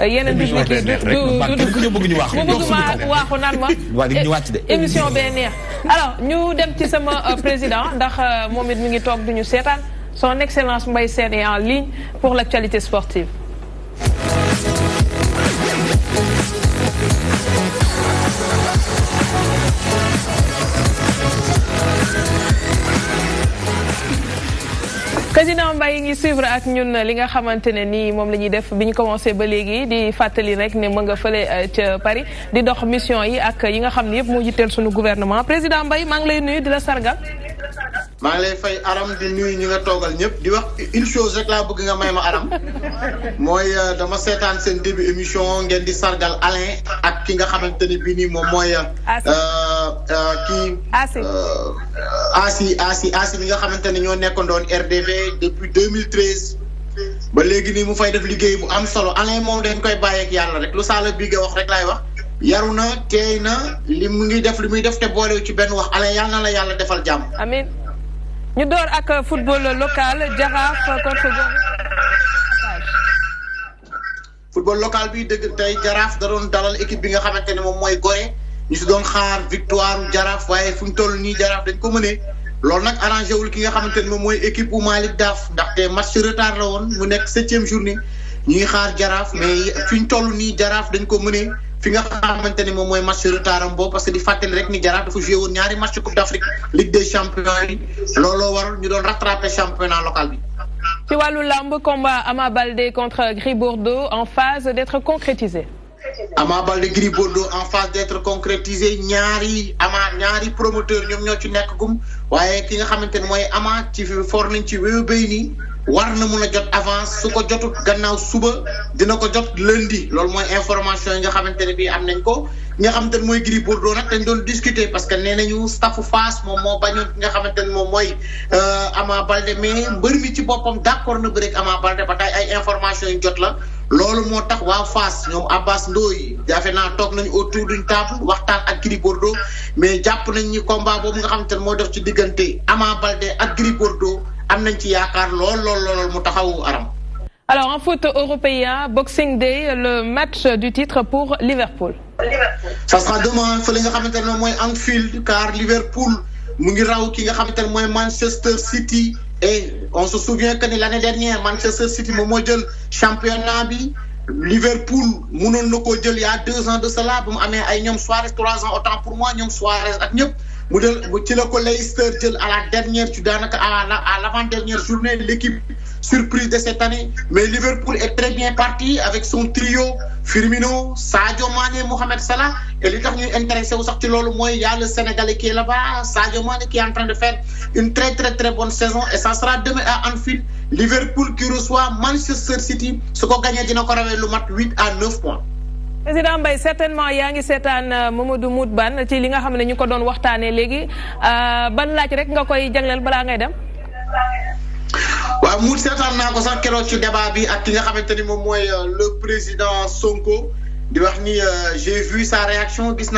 Euh, yeneen bi du du du bëgg ñu waaxu waaxu naan ma waaw ñu wàcc de émission bee neex alors ñu dem ci sama euh, président ndax euh, moom it mi ngi toog du ñu seetaan son excellence mbay Sène en ligne pour l'actualité sportive président Mbaye ngi suivre ak ñun li nga xamante ne nii moom la ñuy def bi ñu commencé ba léegi di fàttali rek ne mu nga fële euh, ca Paris di dox mission yi ak yi nga xam ne yëpp moo jitteel suñu gouvernement président Mbaye maa ngi lay nuyu di la sargal. maa fay aram di nuyu ñi nga togal ñep di wax une chose rek la bëgg nga may aram Moy euh, dama sétane sen début émission ngeen di sargal Alain ak ki nga bi ni bii moy euh, euh ki euh, Asi Asi Asi nga xamanteni ño nekkon doon RDV depuis 2013. ba légui ni mu fay def liggéey bu am solo Alain mom dañ koy ak yalla rek lu sa la nga wax rek lay wax. yaruna teyna teey ngi def def te bolé ci ben wax Alain yalla na la yalla defal amin ñu door ak football local Jaraaf contre football local bi dëgg tey Jaraaf da doon équipe bi nga xamante ne moom mooy Gorée ñu si doon xaar victoire Jaraaf waaye fu ñu toll nii Jaraaf dañ ko mënee loolu nag arrangé wul ki nga xamante ne moom mooy équipe bu Malick Daaf ndaxte match retard la woon mu nekk septième journée ñu xaar Jaraaf mais fi ñu toll nii Jaraaf dañ ko mënee. fi nga xamante ne match retard parce que di fatel rek ni dafa jouer won ñaari match Coupe d'Afrique Ligue des champions lolo ñu doon rattraper championnat local bi. ci combat Ama contre Gris Bordeaux en phase d'être concrétisé. Ama balde Gris en phase d'être concrétisé ñaari ama ñaari promoteur ñom ñoo ci gum waye ki nga ama ci war na mun a jot avance su ko jotu gannaaw suba dina ko jot lundi loolu mooy information yi nga xamante ne bii am nañ ko nga xamante ne mooy Gris Bordeaux nag dañ doon discuter parce que nee nañu staffu Fass moom moo bañoon ki nga xamante ne moom mooy euh, Ama Balde mais mbër mi ci boppam d'accord na bëreeg Ama Balde ba tey ay information yu jot la loolu moo tax waa Fass ñoom Abbas Ndoye jafe naa toog nañu autour d'une table waxtaan ak Gris Bordeaux mais jàpp nañ ñi combat boobu nga xamante ne moo def ci diggante Ama Balde ak Gris Bordeaux alors en foot européen Boxing Day le match du titre pour Liverpool. ça sera demain Faut li nga xamante ne mooy Anfield car Liverpool mu ngi raw ki nga xamante ne Manchester City et on se souvient que l'année dernière Manchester City moom moo jël championnat bi. Liverpool mënoon na koo il y a deux ans de cela ba mu amee ay trois ans autant pour moi ñoom Suarez ak ñëpp. Moudel, à la dernière à l'avant-dernière journée l'équipe surprise de cette année mais Liverpool est très bien parti avec son trio Firmino Sadio et Mohamed Salah et les derniers sont au sax ci il y a le Sénégalais qui est là-bas Sadio Mane qui est en train de faire une très très très bonne saison et ça sera demain à Anfield Liverpool qui reçoit Manchester City ce qu'on gagne dina a encore le match 8 à 9 points. Président Mbaye certainement yaa ngi euh, Mamadou ci li nga ñu ko doon euh, ban laaj rek nga koy balaa ngay dem. Mout sax ci débat bi ak euh, le président Sonko j'ai vu sa réaction gis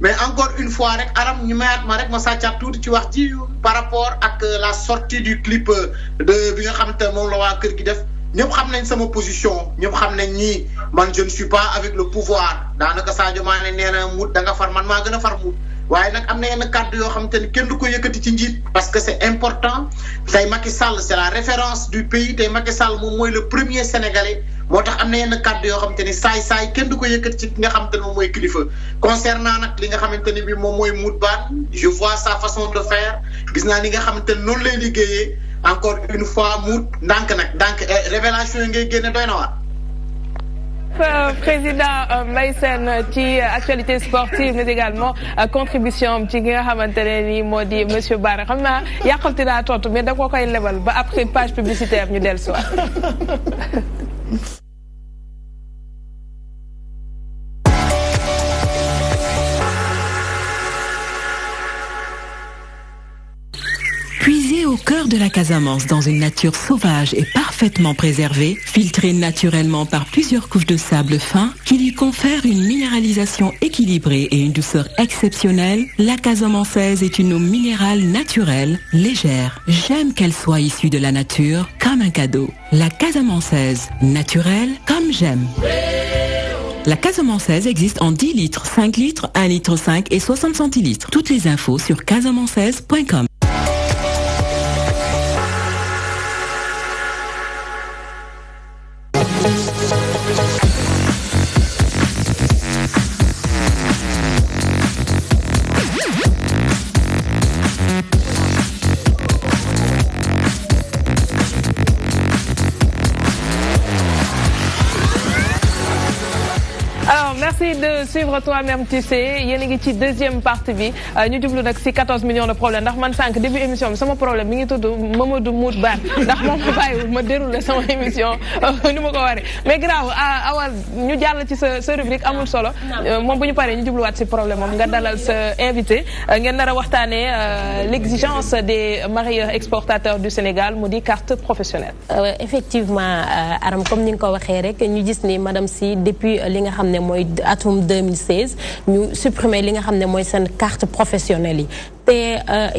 mais encore une fois rek aram ñu mayaat ma rek ma sàccaat ci wax par rapport ak la sortie du clip de bi nga xamante ñëpp xam nañ sama position ñëpp xam nañ ni man je ne suis pas avec le pouvoir daanaka Sadio Mané nee neena mut da nga far man ma gëna far mut waye nak amna yenn kàddu yo xam te kenn du ko yëkkati ci njit parce que c'est important tey Macky Sall c'est la référence du pays tey Macky Sall moom mooy le premier sénégalais motax amna yenn kàddu yo xam te say saay kenn du ko yëkkati ci nga xam te ne mooy kilifa. concernant nak li nga xamante ni bi moom mooy mut baan je vois sa façon de faire gis na ni nga xamante ni noonu lay liggéeyee encore une fois mout ndànk nag eh, révélation ngay génne doyna euh, président euh, Maysen Sène ci euh, actualité sportive mais également contribution ci nga xamante ne nii monsieur Barre xamna yakalti na naa tontu mais da ko koy lebal ba après page publicitaire ñu del soir cœur de la Casamance, dans une nature sauvage et parfaitement préservée, filtrée naturellement par plusieurs couches de sable fin qui lui confèrent une minéralisation équilibrée et une douceur exceptionnelle, la Casamanceaise est une eau minérale naturelle, légère. J'aime qu'elle soit issue de la nature comme un cadeau. La Casamanceaise, naturelle comme j'aime. La Casamanceaise existe en 10 litres, 5 litres, 1 litre 5 et 60 centilitres. Toutes les infos sur casamanceaise.com. merci de suivre toi-même tu sais y a une deuxième partie nous euh, ñu 14 millions de problèmes début émission mon problème mi émission mais grave ah, rubrique amul solo euh, problème invité euh, l'exigence des mareyeurs exportateurs du Sénégal avons carte professionnelle. effectivement comme nous madame si depuis atum 2016 ñu supprimer li nga xam moy sen carte professionnelle yi te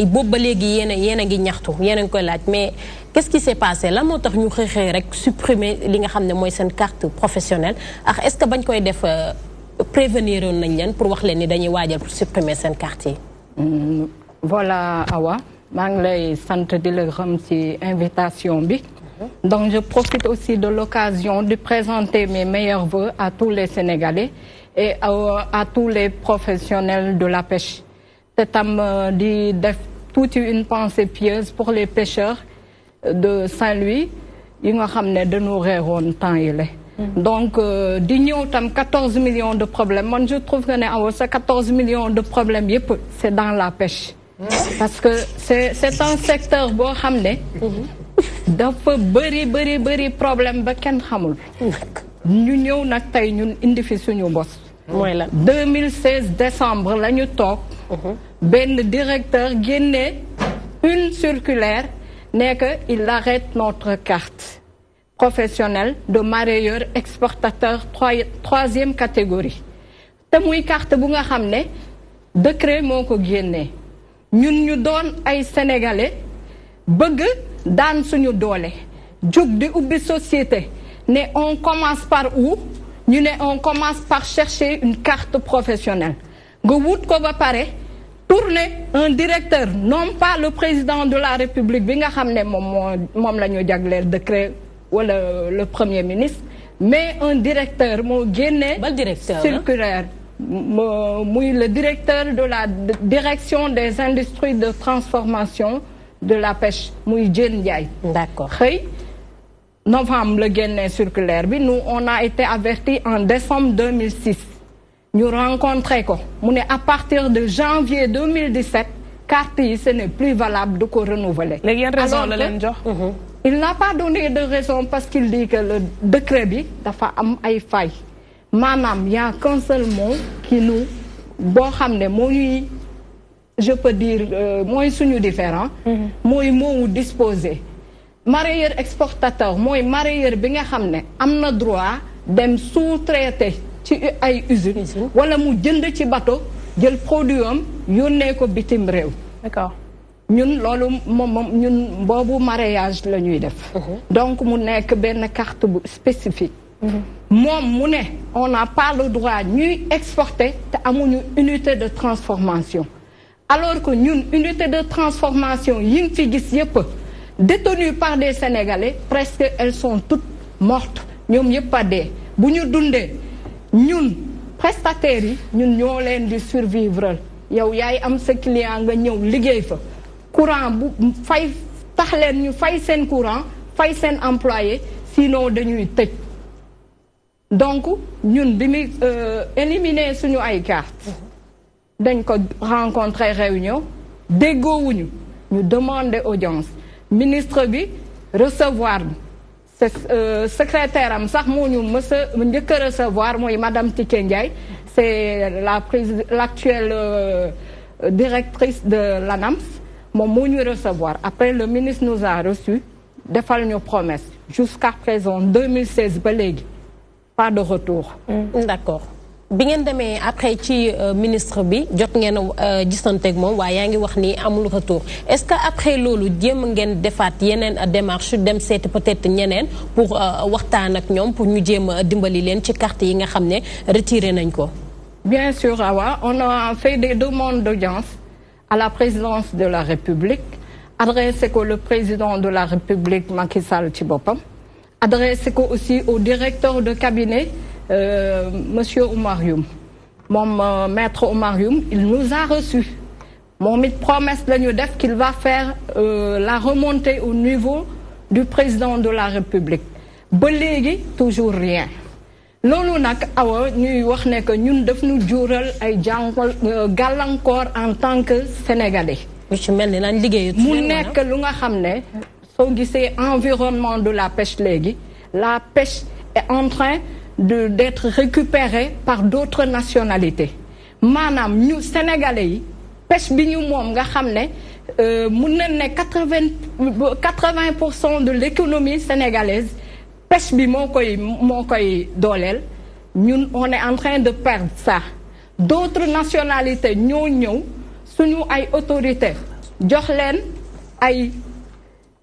euh, ba légui yéen a gi ñaxtu yéen a ngi koy laaj mais qu'est-ce qui s'est passé La moo tax ñu xëy rek supprimer li nga xam moy sen carte professionnelle ak est-ce que bañ koy def euh, prévenir les nañ leen pour wax leen ni dañuy wajal pour supprimer sen carte mm, voilà Awa Mang lay sant di le xam ci invitation bi. Donc je profite aussi de l'occasion de présenter mes meilleurs voeux à tous les Sénégalais et à, tous les professionnels de la pêche C'est euh, une pensée pieuse pour les pêcheurs de Saint-Louis Ils nga de de nourrir au temps mm-hmm. donc euh, di avons 14 millions de problèmes Moi, je trouve que 14 millions de problèmes c'est dans la pêche mm-hmm. parce que c'est un secteur qui a beaucoup de problèmes. Nous avons problème ba 2016 décembre la ñu mhm. ben Le directeur génne une circulaire ne que il arrête notre carte professionnelle de marailleur exportateur troisième catégorie. te muy carte bu nga xam ne décret moo ko les ñun ñu doon ay sénégalais bëgg daan suñu doole jóg di ubbi société ne on commence par où on commence par chercher une carte professionnelle nga wut ko pare tourner un directeur non pas le président de la république bi nga xam décret wala le premier ministre mais un directeur circulaire le directeur de la direction des industries de transformation de la pêche muy Diène d'accord novembre la est circulaire nous on a été averti en décembre 2006 nous rencontré ko à partir de janvier 2017 carte ce n'est plus valable de renouveler. Mhm. il n'a pas donné de raison parce qu'il dit que le décret bi dafa am ay il y a qu'un seul mot qui nous boo xam ne je peux dire euh, mooy suñu différent. Mhm. mooy disposé mareyeur exportateur mooy marais bi nga xam ne droit dem sous-traiter ci ay usines wala mu jënd ci bateau jël produit am yónnee ko bitim réew d'accord ñun loolu moom ñun boobu mariage la ñuy def mhm. donc mu nekk une carte spécifique mhm. moom mu ne on n'a pas le droit ñuy exporter te amuñu unité de transformation alors que ñun unité de transformation yi fi gis détenues par des Sénégalais presque elles sont toutes mortes Nous ñëpp pas pas bu Dundé. Nous ñun prestataires nous, ñun ñoo de di survivre yow yaay am sa client nga ñëw liggéey fa courant bu fay tax nous fay sen courant fay sen employé sinon dañuy tëj donc ñun bi euh, éliminer suñu ay carte dañ ko rencontrer réunion nous, ñu demander audience ministre B, recevoir euh, secrétaire am sax peux recevoir madame Tiké c'est l'actuelle euh, directrice de l'ANAMS ne peux recevoir après le ministre nous a reçu defal ñu promesse jusqu'à présent 2016 ba pas de retour mmh. d'accord bi ngeen demee après ci euh, ministre bi jot ngeen a euh, gisanteeg moom waaye yaa ngi wax ni amul retour est-ce que après loolu jéem ngeen defaat yeneen euh, démarche dem seeti peut-être ñeneen pour waxtaan ak ñoom pour ñu jéem dimbali leen ci carte yi nga xam ne retiré nañ ko. Bien sûr, Awa, on a fait des demandes d'audience à la présidence de la République, adressées ko le président de la République, Macky Sall Tibopam, ko aussi au directeur de cabinet euh, monsieur Oumarium, Mon euh, maître Oumarium, il nous a reçus Mon mythe promesse de qu'il va faire euh, la remontée au niveau du président de la République ba toujours rien Nous ñuy wax que ñun ay en tant que sénégalais. Nous environnement de la pêche léegi la pêche est en train d'être récupéré par d'autres nationalités Manam, nous, sénégalais yi pêche bi ñu moom nga xamné euh mun de l'économie sénégalaise nous bi koy mo koy dolel ñun on est en train de perdre ça d'autres nationalités ñoo ñëw suñu ay autorités jox leen ay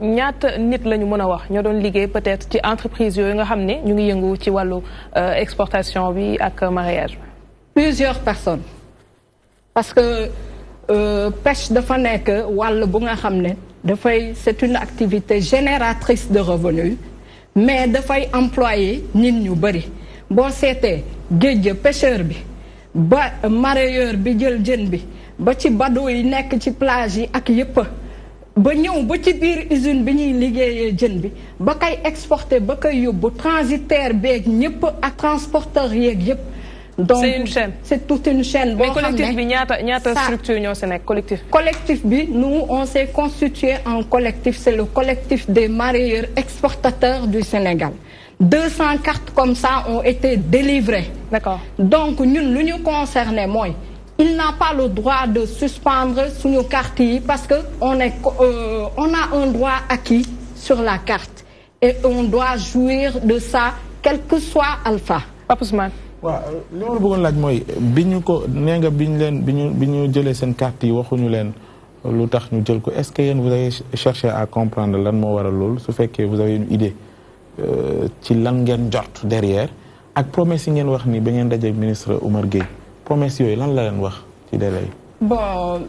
ñaata nit peut-être ci entreprise yooyu nga exportation mariage plusieurs personnes parce que euh, pêche dafa c'est une activité génératrice de revenus mais dafay employé nit ñu bëri boo seetee pêcheur bi ba bi ba ñëw ba ci biir usine bi ñuy liggéeyee jën bi ba kay exporté ba kay yóbbu transitaire beeg ñëpp ak transporteur yeeg yëpp. donc c'est une chaîne c'est toute une chaîne. mais collectif bi ñaata ñaata structure ñoo si nekk collectif. collectif bi nous on s'est constitué en collectif c'est le collectif des mareyeurs exportateurs du Sénégal. 200 cartes comme ça ont été délivrées. D'accord. donc ñun lu ñu concerné mooy il n'a pas le droit de suspendre sous quartier parce qu'on euh, a un droit acquis sur la carte et on doit jouir de ça quel que soit alpha. Pape Oui, je li ma la bëggoon laaj mooy bi ñu ko nee nga bi ñu leen bi est-ce que vous avez cherché à comprendre lan moo waral loolu su fekkee vous avez une idée euh, ci qui ngeen jort derrière ak promesse yi ngeen wax ni ba ngeen ministres ministre Oumar Gueye. Bon, yooyu lan la leen wax ci délai bon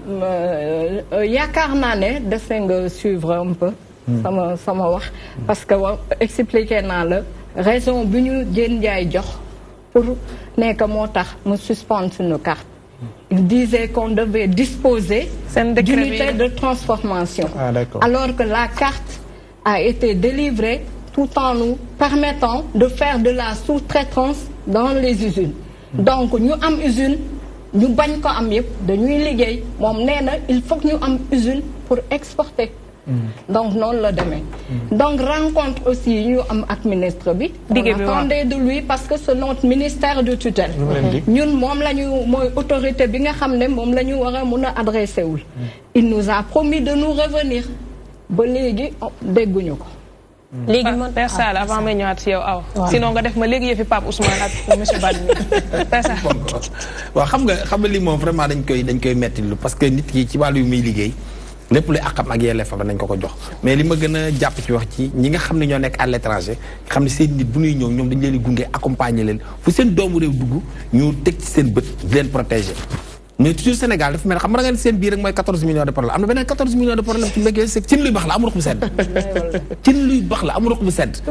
euh, euh, yaakaar naa ne suivre un peu. Hmm. sama sama wax. parce que je expliqué naa la raison bi ñu jën jox pour que moo tax mu sur suñu carte. Il disait qu'on devait disposer d'unités de transformation. Ah, alors que la carte a été délivrée tout en nous permettant de faire de la sous-traitance dans les usines donc ñu am usine ñu bañ ko am yëpp dañuy liggéey moom nee na il faut que ñu am usine pour exporter. Mm. donc noonu la demee. Mm. donc rencontre aussi ñu am ak ministre bi. on de lui parce que c'est notre ministère de tutelle. Mm-hmm. ñun moom la ñu mooy autorité bi nga xam ne moom la ñu war a mun a adressé wul. Mm. il nous a promis de nous revenir ba léegi oh, dégguñu ko. Je mm. ne Père pas ah, avant yow aw sinon nga def ma Ousmane monsieur xam nga xam vraiment dañ koy dañ parce que nit ki ci walu ak ko ko jox mais li ma gëna pas ci wax à l'étranger xam ne seen nit bu ñuy ñëw dañ leen accompagner leen fu seen doomu ñu mais toujours Sénégal dafa mel xam nga da ngeen seen biir rek mooy 14 millions de am na beneen 14 la sedd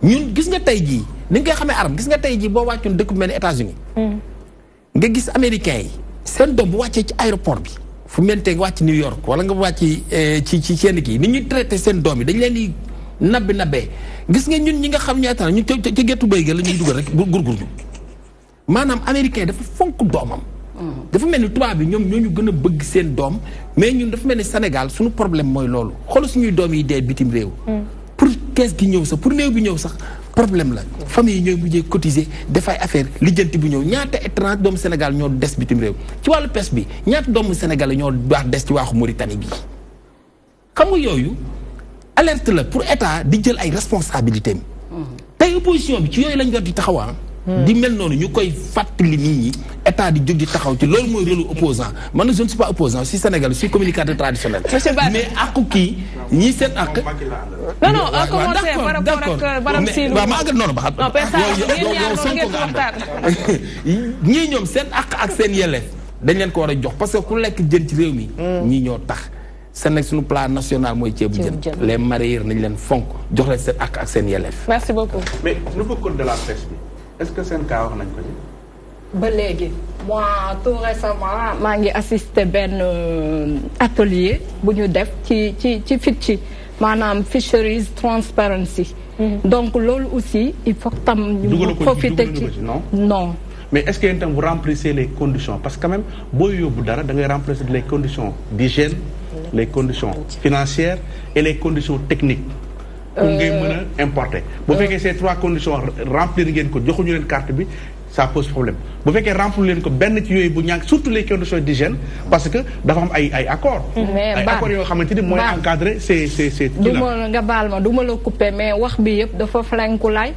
cin gis nga tey jii ni nga koy xamee arab gis nga tey jii boo wàccoon dëkk bu mel ni hmm. nga gis américains yi seen doom bu wàccee ci aéroport bi fu mentee nga wàcc New York wala nga wàcc eh, ci ci seen kii ni ñuy traité seen doom yi dañ leen di nabbi nabbee gis nga ñun ñi nga xam ñaata ñun ca ca géttu béy ga la ñuy dugal rek gurgurlu maanaam américain dafa fonk doomam dafa mel ni tubaab bi ñoom ñoo ñu gën a bëgg seen doom mais ñun dafa mel ni Sénégal suñu problème mooy loolu xool suñuy doom yi dee bitim réew. pour kees gi ñëw sax pour néew bi ñëw sax problème la. famille yi ñooy mujjee cotiser dafay affaire lijjanti bu ñëw ñaata étrange doomu Sénégal ñoo des bitim réew ci wàllu pes bi ñaata doomu Sénégal ñoo baax des ci waaxu Mauritanie bi xam nga yooyu alerte la pour état di jël ay responsabilités am. tey opposition bi ci yooyu lañ doon di taxawaan. di mel noonu ñukoy nit état di di taxaw ci opposant man je ne suis pas opposant Sénégal je suis communicateur traditionnel. mais non non par rapport euh, ba bah, bah, ak seen dañ leen ko jox parce que ku lek ci mi. Hmm. ñoo tax. national les nañ leen fonk jox merci beaucoup. mais nous compte de la est-ce que c'est un cas wax nañ moi tout récemment j'ai assisté à un euh, atelier qui def ci ci fisheries transparency mhm. donc là aussi il faut que ñu profiter non mais est-ce que temps vous remplissez les conditions parce que quand même si vous les conditions d'hygiène les conditions financières et les conditions techniques pour euh, ngay mën a importer. bu euh. fekkee ces trois conditions remplir ngeen ko joxuñu leen carte bi ça pose problème bu fekkee remplir leen ko benn ci yooyu bu ñàkk surtout les conditions d'hygiène parce que dafa am ay ay accords. Mm, ay accords yoo xamante ni mooy c'est ces ces ces. du ma nga baal ma du ma la couper mais wax bi yëpp dafa flankulaay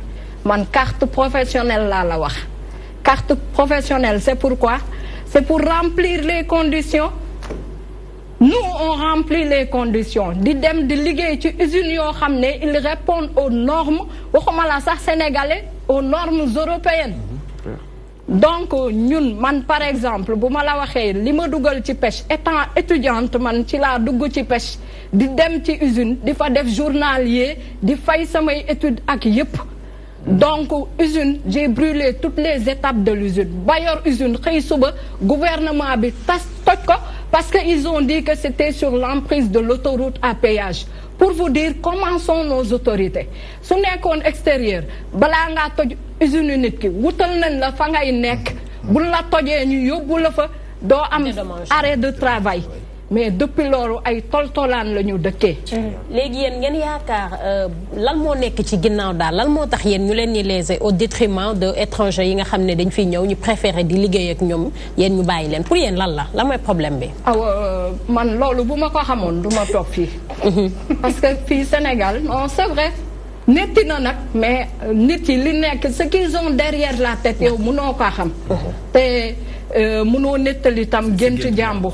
man carte professionnelle laa la wax carte professionnelle c'est pourquoi c'est pour remplir les conditions nous on remplit les conditions di dem di liggéey ci usines yoo ils répondent aux normes waxuma la sax sénégalais aux normes européennes donc ñun man par exemple buma la waxee lima ma ci pêche étant étudiante man ci la dugg ci pêche di dem ci usine di fa def journalier di fay samay étude ak yépp donc usine j'ai brûlé toutes les étapes de l'usine bailleur usine le gouvernement bi tas parce qu'ils ont dit que c'était sur l'emprise de l'autoroute à péage pour vous dire comment sont nos autorités su on extérieur on ngaa toj usine nit une wutal nañ la fa ngay nekk mm-hmm. bu la ñu la fa am arrêt de travail mais depuis loolu ay toltolaan lañu ñu légui yeen yéen ngeen yaakaar euh, lan mo nekk ci ginnaw daal lan mo tax yeen ñu leen ni léser au détriment de étrangers yi nga xamné dañ fi ñëw ñu préférer di liggéey ak ñom yeen ñu bàyyi leen pour yeen lan la lan moy problème bi. awa euh, man loolu bu ma ko xamone duma top fi mhm. parce que fi Sénégal non c'est vrai. netti na nag mais euh, nitti li nekk ce qu'ils ont derrière la tête yow mënoo mhm. ko xam. Mhm. te mënoo nettali tam gént jàmbur.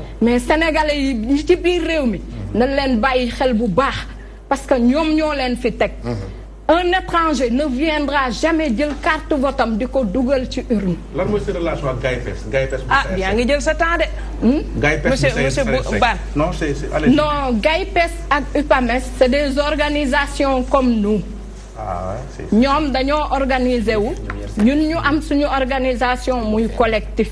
mais sénégalais yi ñi ci biir réew mi nañ leen bàyyi xel bu baax parce que ñoom ñoo leen fi teg mhm. un étranger ne viendra jamais jël carte votam di ko dugal ci urne. lan mooy sa relation ak Gaye Pes Gaye ah yaa ngi jël sa temps de. Hmm? Hmm? Gaye monsieur monsieur Ban. non c'est non Gaye Pes ak UPAMES c' est des organisations comme nous. Ah ñoom dañoo organiser wu. ñun ñu am suñu organisation muy collectif.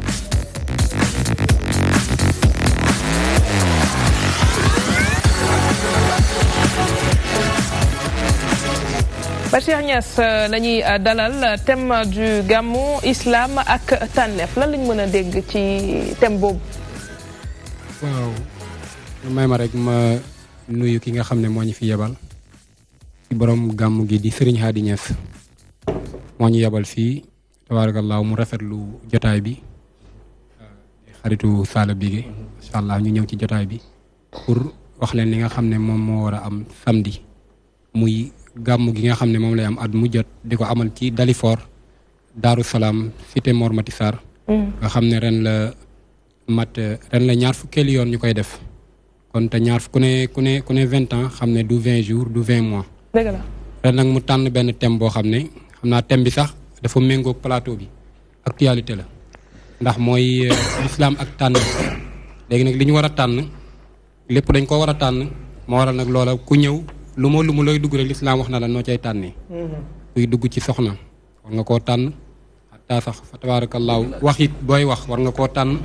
Bachir Niass la ñuy dalal euh, thème euh, du gàmmu islam ak tanef. lan lañ mën a dégg ci thème boobu. waaw may ma rek ma nuyu ki nga xam ne moo ñu fi yebal ci borom gàmmu gi di Serigne Hadi Niass moo yebal fii tabaarakallaahu mu rafetlu jotaay bi xaritu Sala Bigué incha allah ñu ñëw ci jotaay bi pour wax leen li nga xam ne moom moo am samedi muy. Gamu gi nga xamne mom lay am ad mu jot di ko amal ci Dalifor daru salam cité Mor matissar mm. nga ren la mat ren la ñaar fukel yoon ñu def kon te ñaar ku ne ku ne ku ne 20 ans xamne du 20 jours du 20 mois degg la ren nak mu tan ben tem bo xamne xamna tem bi sax dafa méngoog plateau bi actualité la ndax moy euh, islam ak tan léegi nak liñu wara tan lepp dañ ko wara tan mo waral ku ñew lu mo lu mo lay dugg rek l'islam wax na la noo cay tànni mhm. kuy dugg ci soxna war nga ko tan hatta sax fa tabaarakallaahu wax it wax war nga ko tan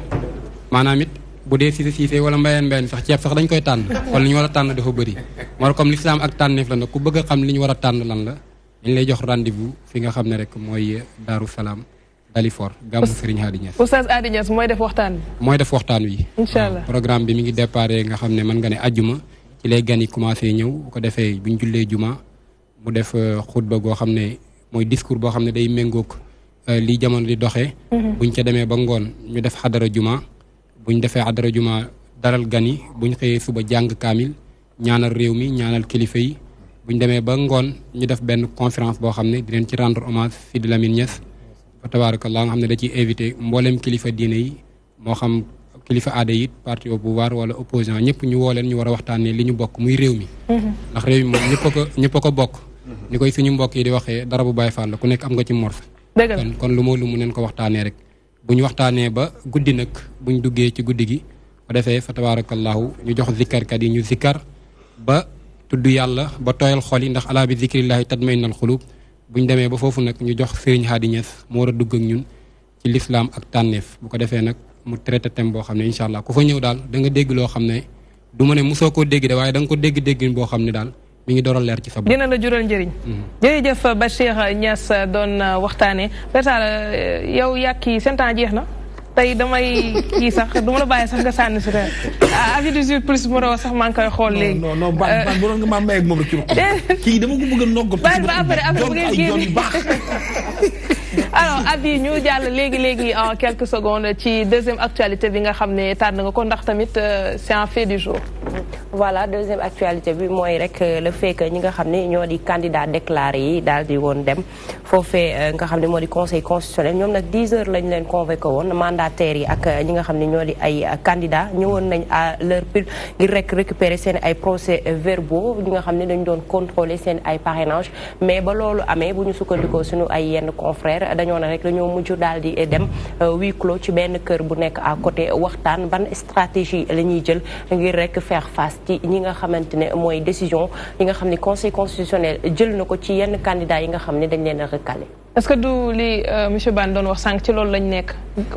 maanaam it bu de sisi sisi wala mbayen mbayen sax ciep sax dañ koy tan wala li ñu war a tànn dafa bëri moo comme l'islam ak tànneef la nag ku bëgg xam li ñu wara tan lan la dañ lay jox rendez-vous fi nga xam ne rek mooy salam dali for gàmmu Serigne hadi Niass Oustaz adi Niass moy def waxtan moy def waxtan wi inshallah programme bi mi ngi déparé nga xam ne nga ne aljuma ci lay gan yi commencé ñëw bu ko defee bu ñu jullee juma mu def euh, xutba goo xam ne mooy discours boo xam ne day méngoog euh, li jamono di doxee. Mhm. buñ ca demee ba ngoon ñu def xadara juma buñ defee xadara juma daral gan yi buñ xëyee suba jàng kaamil ñaanal réew mi ñaanal kilifa yi buñ demee ba ngoon ñu def benn conférence boo xam ne di leen ci rendre hommage Sidi Lamine Niass fa tabaarakallah nga xam ne da ciy invité mboolem kilifa diine yi moo xam. kilifa aada yi parti au pouvoir wala opposition ñëpp ñu woo leen ñu war a waxtaanee li ñu bokk muy réew mi. Mhm. ndax réew mi moom ñëpp ko ñëpp ko bokk. Mhm. ni koy suñu mbokk yi di waxee dara bu bàyyi ku nekk am nga ci morf. kon kon lu moo lu mu neen ko waxtaanee rek bu ñu ba guddi nag bu ñu duggee ci guddi gi bu defee fa tabarakallahu ñu jox yi ñu zikkar ba tudd yàlla ba tooyal xol yi ndax alaa bi zikrillahi tatmainal xulub bu ñu demee ba foofu nag ñu jox sëriñ Hadi Niass mu war a dugg ak ñun ci lislaam ak tànneef bu ko defee nag mu traité thème boo xam ne incha allah ku fa ñëw daal da nga dégg loo xam ne du ma ne mosoo koo dégg de waaye da nga ko dégg déggin boo xam ne daal mi ngi doral leer ci sa bopp. dina la jural njëriñ. Mm-hmm. jërëjëf Bachir Niass doon euh, waxtaanee Bertale euh, yow yàkki seen jeex na. tey damay kii sax du la bàyyi sax nga sànni si ren ah avis de jur plus mu sax man ngi koy xool léegi. non non ban ban bu doon nga maa may ak moom rek ci a noggatu. ba bu ngeen alors Abi ñu jall légui légui en quelques secondes ci deuxième actualité bi nga xamné ne nga ko ndax tamit euh, c'est un fait du jour. voilà deuxième actualité bi mooy rek euh, le fait que ñi nga xam ne ñoo di candidat déclaré yi daal di woon dem foofee euh, nga xam ne moo di conseil constitutionnel ñoom nag 10 heures lañ leen convoqué woon mandataires yi ak ñi nga xam ne ñoo di ay candidats ñëwoon nañ à l'heure pile ngir rek récupérer seen ay procès verbaux ñi nga xam ne dañ doon contrôler seen ay parrainage mais ba loolu amee bu ñu sukkandikoo suñu ay yenn confrères dañoo ne rek dañoo mujj daal di dem euh, huis clos ci benn kër bu nekk à côté waxtaan ban stratégie la ñuy jël ngir rek faire face ci ñi nga xamante ne mooy décision yi nga xam ne conseil constitutionnel jël na ko ci yenn candidat yi nga xam ne dañ leen a recalé. est-ce que du li euh, monsieur Bane doon wax sànq loolu lañ nekk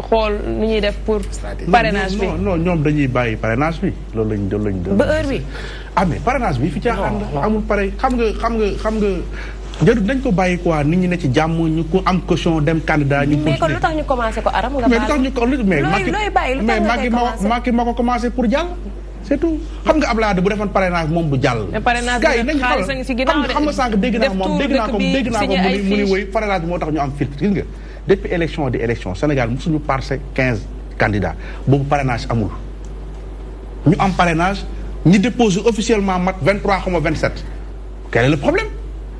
xool nu ñuy def pour. parrainage bi non non ñoom dañuy bàyyi parrainage bi loolu lañ doon ba heure bi. ah mais bi fi caaxaan amul pare xam nga xam nga. njëriñ dañ ko bàyyi quoi nit ñi ne ci ñu ko am candidat mais tax ñu ko mais pour c'est tout xam nga bu parrainage parrainage depuis élection di élection Sénégal 15 candidats boobu parrainage amul ñu am parrainage ñi déposé officiellement mat 23 quel est le problème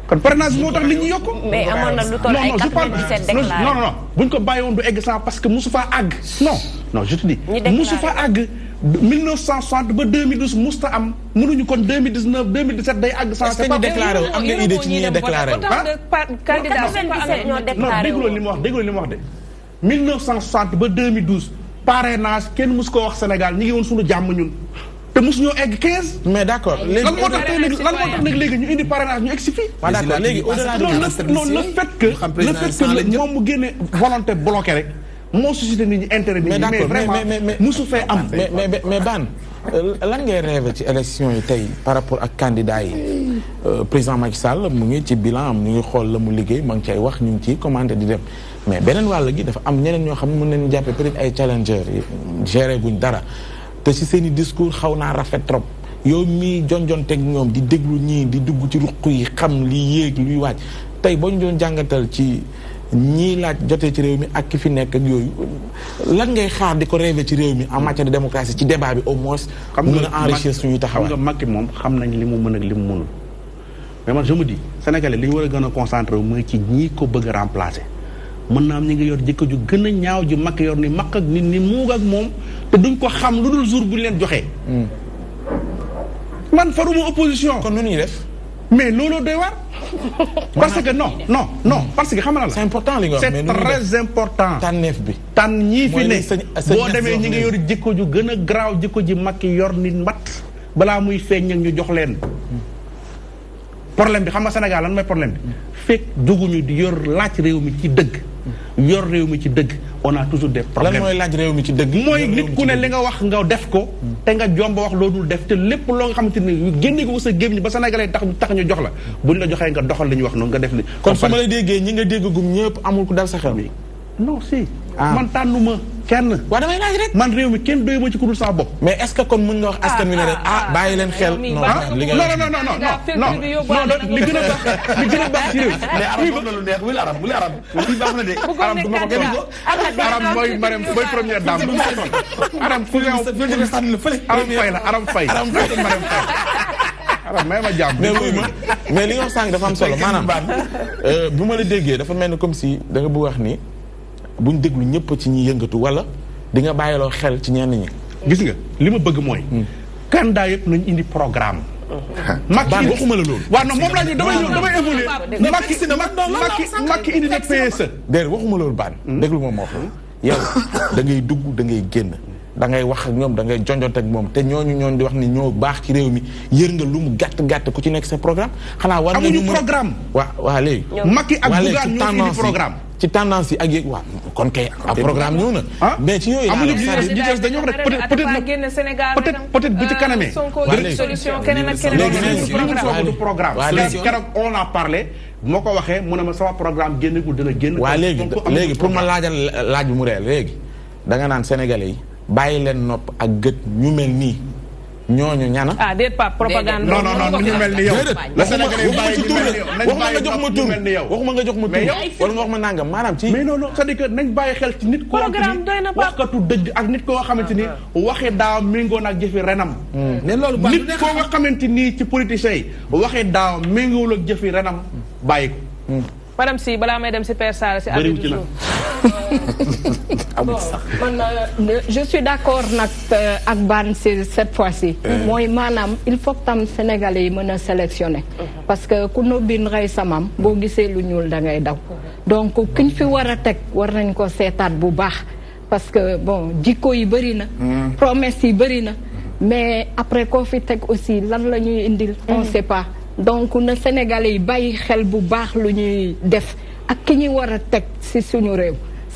kon parrainage moo tax nit ñi yokk. mais amoon na lu toll ay 97 déclaré non bu ñu ko bàyyi woon du egg sax parce que musu faa àgg. non non je te dis. ñu déclaré musu faa àgg 1960 ba 2012 musta am mënuñu kon 2019 2017 day àgg. sans c'est pas déclaré am nga idée ci ñi déclaré wu. ah candidat li mu wax dégguloo li mu wax de. 1960 ba 2012 parrainage kenn musu ko wax Sénégal ñi ngi woon suñu jàmm ñun. te mosu ñoo egg 15. mais d'accord. accord léegi lan moo tax lan moo ñu indi parrainage ñu egg si fii. waaw d' accord le fait que le fait que le mu génne volonté bloqué rek moo suscité nit intérêt mais vraiment mosu fee am. mais mais mais Ban euh, lan ngay rêvé ci élection yi tey par rapport ak candidat yi euh, président Macky Sall mu ngi ci bilan mu ngi xool la mu liggéey ma ngi cay wax ñu ngi ciy commenté di dem. mais beneen wàll gi dafa am ñeneen ñoo xam ne mën nañu jàppee peut-être ay challenger géré guñ dara. te ci seen i discours xaw naa rafet trop yow mii jonjonteeg ñoom di déglu ñii di dugg ci ruq yi xam li yéeg luy waaj tey boo ñu doon jàngatal ci ñii laaj jotee ci réew mi ak ki fi nekk ak yooyu lan ngay xaar di ko rêvé ci réew mi en matière de démocratie ci débat bi au moins. mu mën a enrichir suñuy taxawaay xam nga Macky moom xam nañ li mu mën ak li mu mënul. mais man je me dis sénégalais li war a gën a concentré wu mooy ci ñii ko bëgg a remplacer. mën naa am ñi ngi yor jikko ju gën a ñaaw ju makk yor ni makk ak nit ni muug ak moom te duñ ko xam lu jour bu ñu leen joxee. Hmm. man faruma opposition. kon nu ñuy def. mais looloo doy waar. parce que non non non parce que xam nga la. c'est important li nga wax mais important. tànneef bi. tànn ñii fi ne ñi ngi yor jikko ju gën a garaaw jikko ji makk yor ni mbatt balaa muy feeñ ak ñu jox leen. Hmm. problème bi xam nga Sénégal lan mooy problème bi. Hmm. fekk dugguñu di yor laaj réew mi ci dëgg. yor réew mi ci dëgg on a toujours des problèmes lan mooy laaj réew mi ci dëgg mooy nit ku ne li nga wax nga def ko hmm. te nga jomba wax loo dul def te lépp loo nga xamante ni génne ko sa gémmiñ ba sénégalais tax tax ñu jox la bu ñu la joxee nga doxal li ñu wax noonu nga def li kon su ma la déggee ñi nga déggagum ñëpp amul ku dal sa xel non si Ah. man tànnuma kenn waaw damay man réew mi kenn ma ci kudul sax bopp mais est-ce kon mën nga wax askan wi ne rek ah, ah, ah bàyyi leen xel non non non li gën a baax a baax ci réew mais arab na lu neex wul arab wul li de arab du ma ko gëm ko arab mooy marem mooy mais wuy ma mais li nga wax sànq dafa am solo maanaam euh, bu ma la déggee dafa mel ni comme si da nga bëgg wax nii buñ déglu ñëpp ci ñi yëngatu wala di nga bàyyiloo xel ci ñenn ñi. gis nga li ma bëgg mooy. Hmm. candidat yëpp nañ indi programme. Macky waxuma la loolu. waaw non moom laa ñu damay ñëw damay évoluer. Macky Macky Macky indi na PSE. déedéet waxuma loolu hmm? déglu ma moo xam yow da ngay dugg da ngay génn. da ngay wax ak ñoom da ngay jonjonte ak moom te ñooñu ñoon di wax ni ñoo baax ci réew mi yër nga lu mu gàtt gàtt ku ci nekk sa programme. xanaa war nga ñu programme. waa waa léegi. Macky ak Bougane ñoo indi programme. ci tendance yi ak yéeg waaw kon programme ñëw na. Ah? mais ci yooyu amuñu vitesse dañoo wax rek peut-être peut-être bu ci euh, kanamee. léegi programme. keroog on a parlé moo ko waxee mu ne ma sama programme génn gu dina génn. waaw léegi léegi pour ma laajal laaj bi mu ree léegi danga naan sénégalais yi bàyyi leen nopp ak gët ñu mel nii ñooñu ñana. ah déet Pape propagande. non non non ñu mel ni yow. la Sénégalais jox ma ñu mel ni yow waxuma nga jox ma tur waxuma nga jox ma tur wala nga wax ma nangam maanaam ci. mais non non cest nañ bàyyi xel ci nit. programme doy na waxkatu dëgg ak nit koo xamante ni. Ah, ah. waxee daaw méngoo ak jëfi renam. ne hmm. loolu baax nit koo nga xamante ni ci politiciens yi. waxee daaw méngoo ak jëfi renam bàyyi ko. faram hmm. si balaa may dem si Père Sall si. bëriwul ci amul ah sax man euh, je suis d'accord nak euh, ak Ban cette fois-ci. Eh. moi maanaam il faut que tam sénégalais yi mën a sélectionner. Mhm. parce que ku nobbin rey samam boo gisee lu ñuul da ngay daw. donc kuñ fi war a teg war nañ ko seetaat bu baax parce que bon dico yi bëri na. Hmm. promesse yi bëri na. Mhm. mais après koo fi teg aussi lan la ñuy indil. Hmm. on sait pas donc na sénégalais yi bàyyi xel bu baax lu ñuy def ak ki ñuy war a teg ci suñu réew.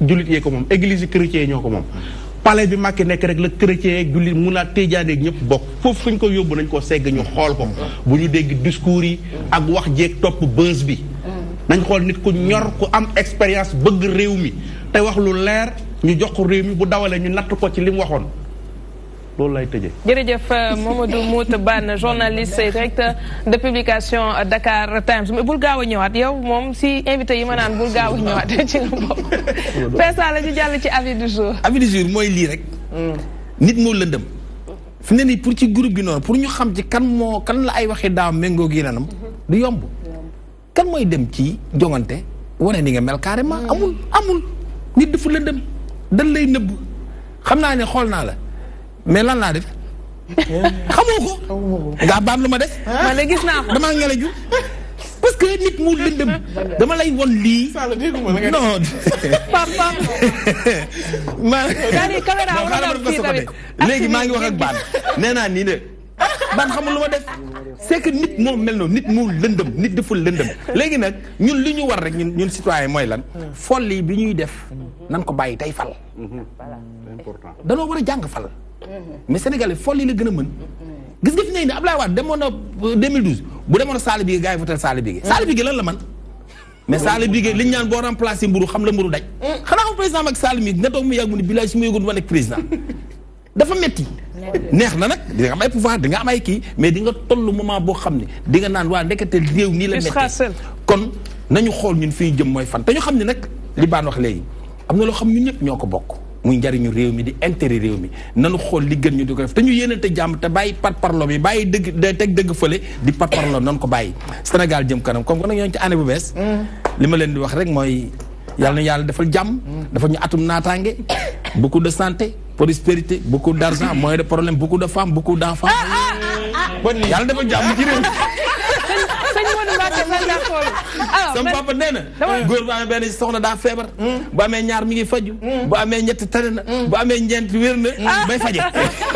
jullit yee ko moom église chrétien yi ñoo ko moom palais bi Macky nekk rek la chrétien ak jullit mun naa tëjaane ak ñëpp bokk foofu fu ñu ko yóbbu nañ ko segg ñu xool ko bu ñu dégg discours yi ak wax jeeg topp bës bi nañ xool nit ku ñor ku am expérience bëgg réew mi te wax lu leer ñu jox ko réew mi bu dawalee ñu natt ko ci li mu waxoon loolu lay tëjee. jërëjëf euh, Mamadou Mouta Bane journaliste et directeur de publication euh, Dakar Times bul gaaw a ñëwaat yow moom si invité yi ma naan bul gaaw a ñëwaat ci nga bopp. peesa la ñu jàll ci avis du jour. avis du jour mooy lii rek. Hmm. nit moo lëndëm. fi ne nii pour ci group bi noonu pour ñu xam ci kan moo kan la ay waxi daaw méngóog yeneenam du yomb. kan mooy dem ci jongante wane ni nga mel carrément hmm. amul amul nit dafa lëndëm dan lay nëbb xam naa ne xool naa la. mais lan laa def xamoo ko. xamoo ko nga baam lu ma def. ma la gis naa ko damaa ngelaw ju parce que nit mu lëndëm dama lay won lii. non. papa. maa léegi maa ngi wax ak baan nee naa nii ne. baan xamul lu ma def. c'est nit moo mel noonu nit mu lëndëm nit deful lëndëm léegi nag ñun li ñu war rek ñun ñun citoyen mooy lan. lii bi ñuy def. nan ko bàyyi tey fal. Mhm. danoo war a jàng fal. mais fool folli la gën a mën. gis nga fi ngay ne Abdoulaye Wade demoon na 2012 euh, bu demoon Sali Bigué gars yi votel Sali Bigué. Sali Bigué lan la man mais Sali Bigué liñ ñaan boo remplacé mburu xam la mburu daj. xanaa xam président Macky Sall mi nga toog mu yàgg mu ne bilaay su ma yëgoon ma dafa metti neex na nag di nga am ay pouvoir di nga am ay kii mais di nga toll moment boo xam ne di nga naan waa ndekete réew nii la metti kon nañu xool ñun fi ñu jëm mooy fan te ñu xam ne nag li baan wax léegi am na loo xam ñun ñëpp ñoo ko bokk muy njariñu réew mi di intérêt réew mi nanu xool li gën ñu di ko def te ñu yéenante jàmm te bàyyi pat parlo bi bàyyi dëgg da teg dëgg fële di pat parlo nanu ko bàyyi Sénégal jëm kanam comme ko bu bees mm. li ma leen di wax rek mooy yàlla na yàlla defal jàmm dafa ñu atum naataange beaucoup de santé prospérité beaucoup d' argent moyen de problème beaucoup de femmes beaucoup d' enfants ah, ah, ah, yàlla defal jàmm ci réew sëñ Modou Mbacke fan laa xool. Ah, na. góor bu amee benn soxna daa feebar. bu amee ñaar mi ngi faju hmm. bu amee ñett tane na. Hmm. bu amee ñeent wér na ah. bay faje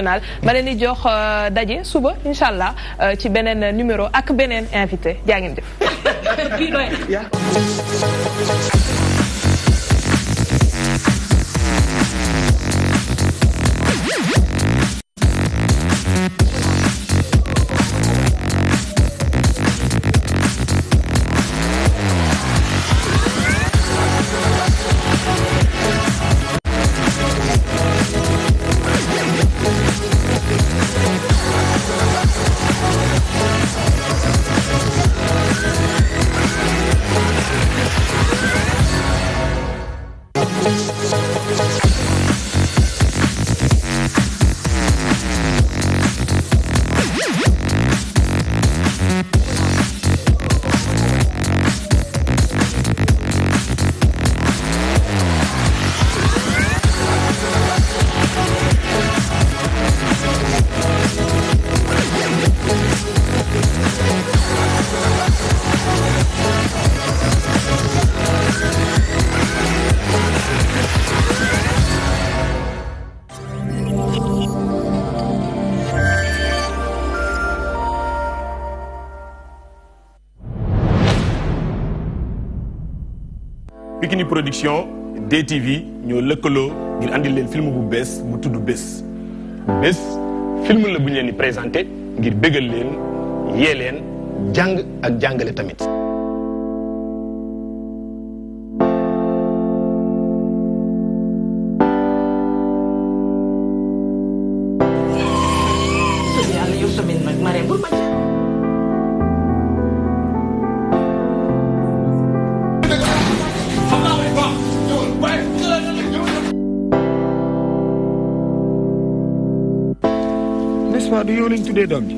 nationale ma leen di jox euh, daje suba incha euh, ci beneen numéro ak beneen invité jaa ngeen jëf. production DTV ñoo lëkkaloo ngir andi leen film bu bees bu tudd bés bés film la bu ñu leen di présenté ngir bégal leen yee leen jàng ak jàngale tamit les doom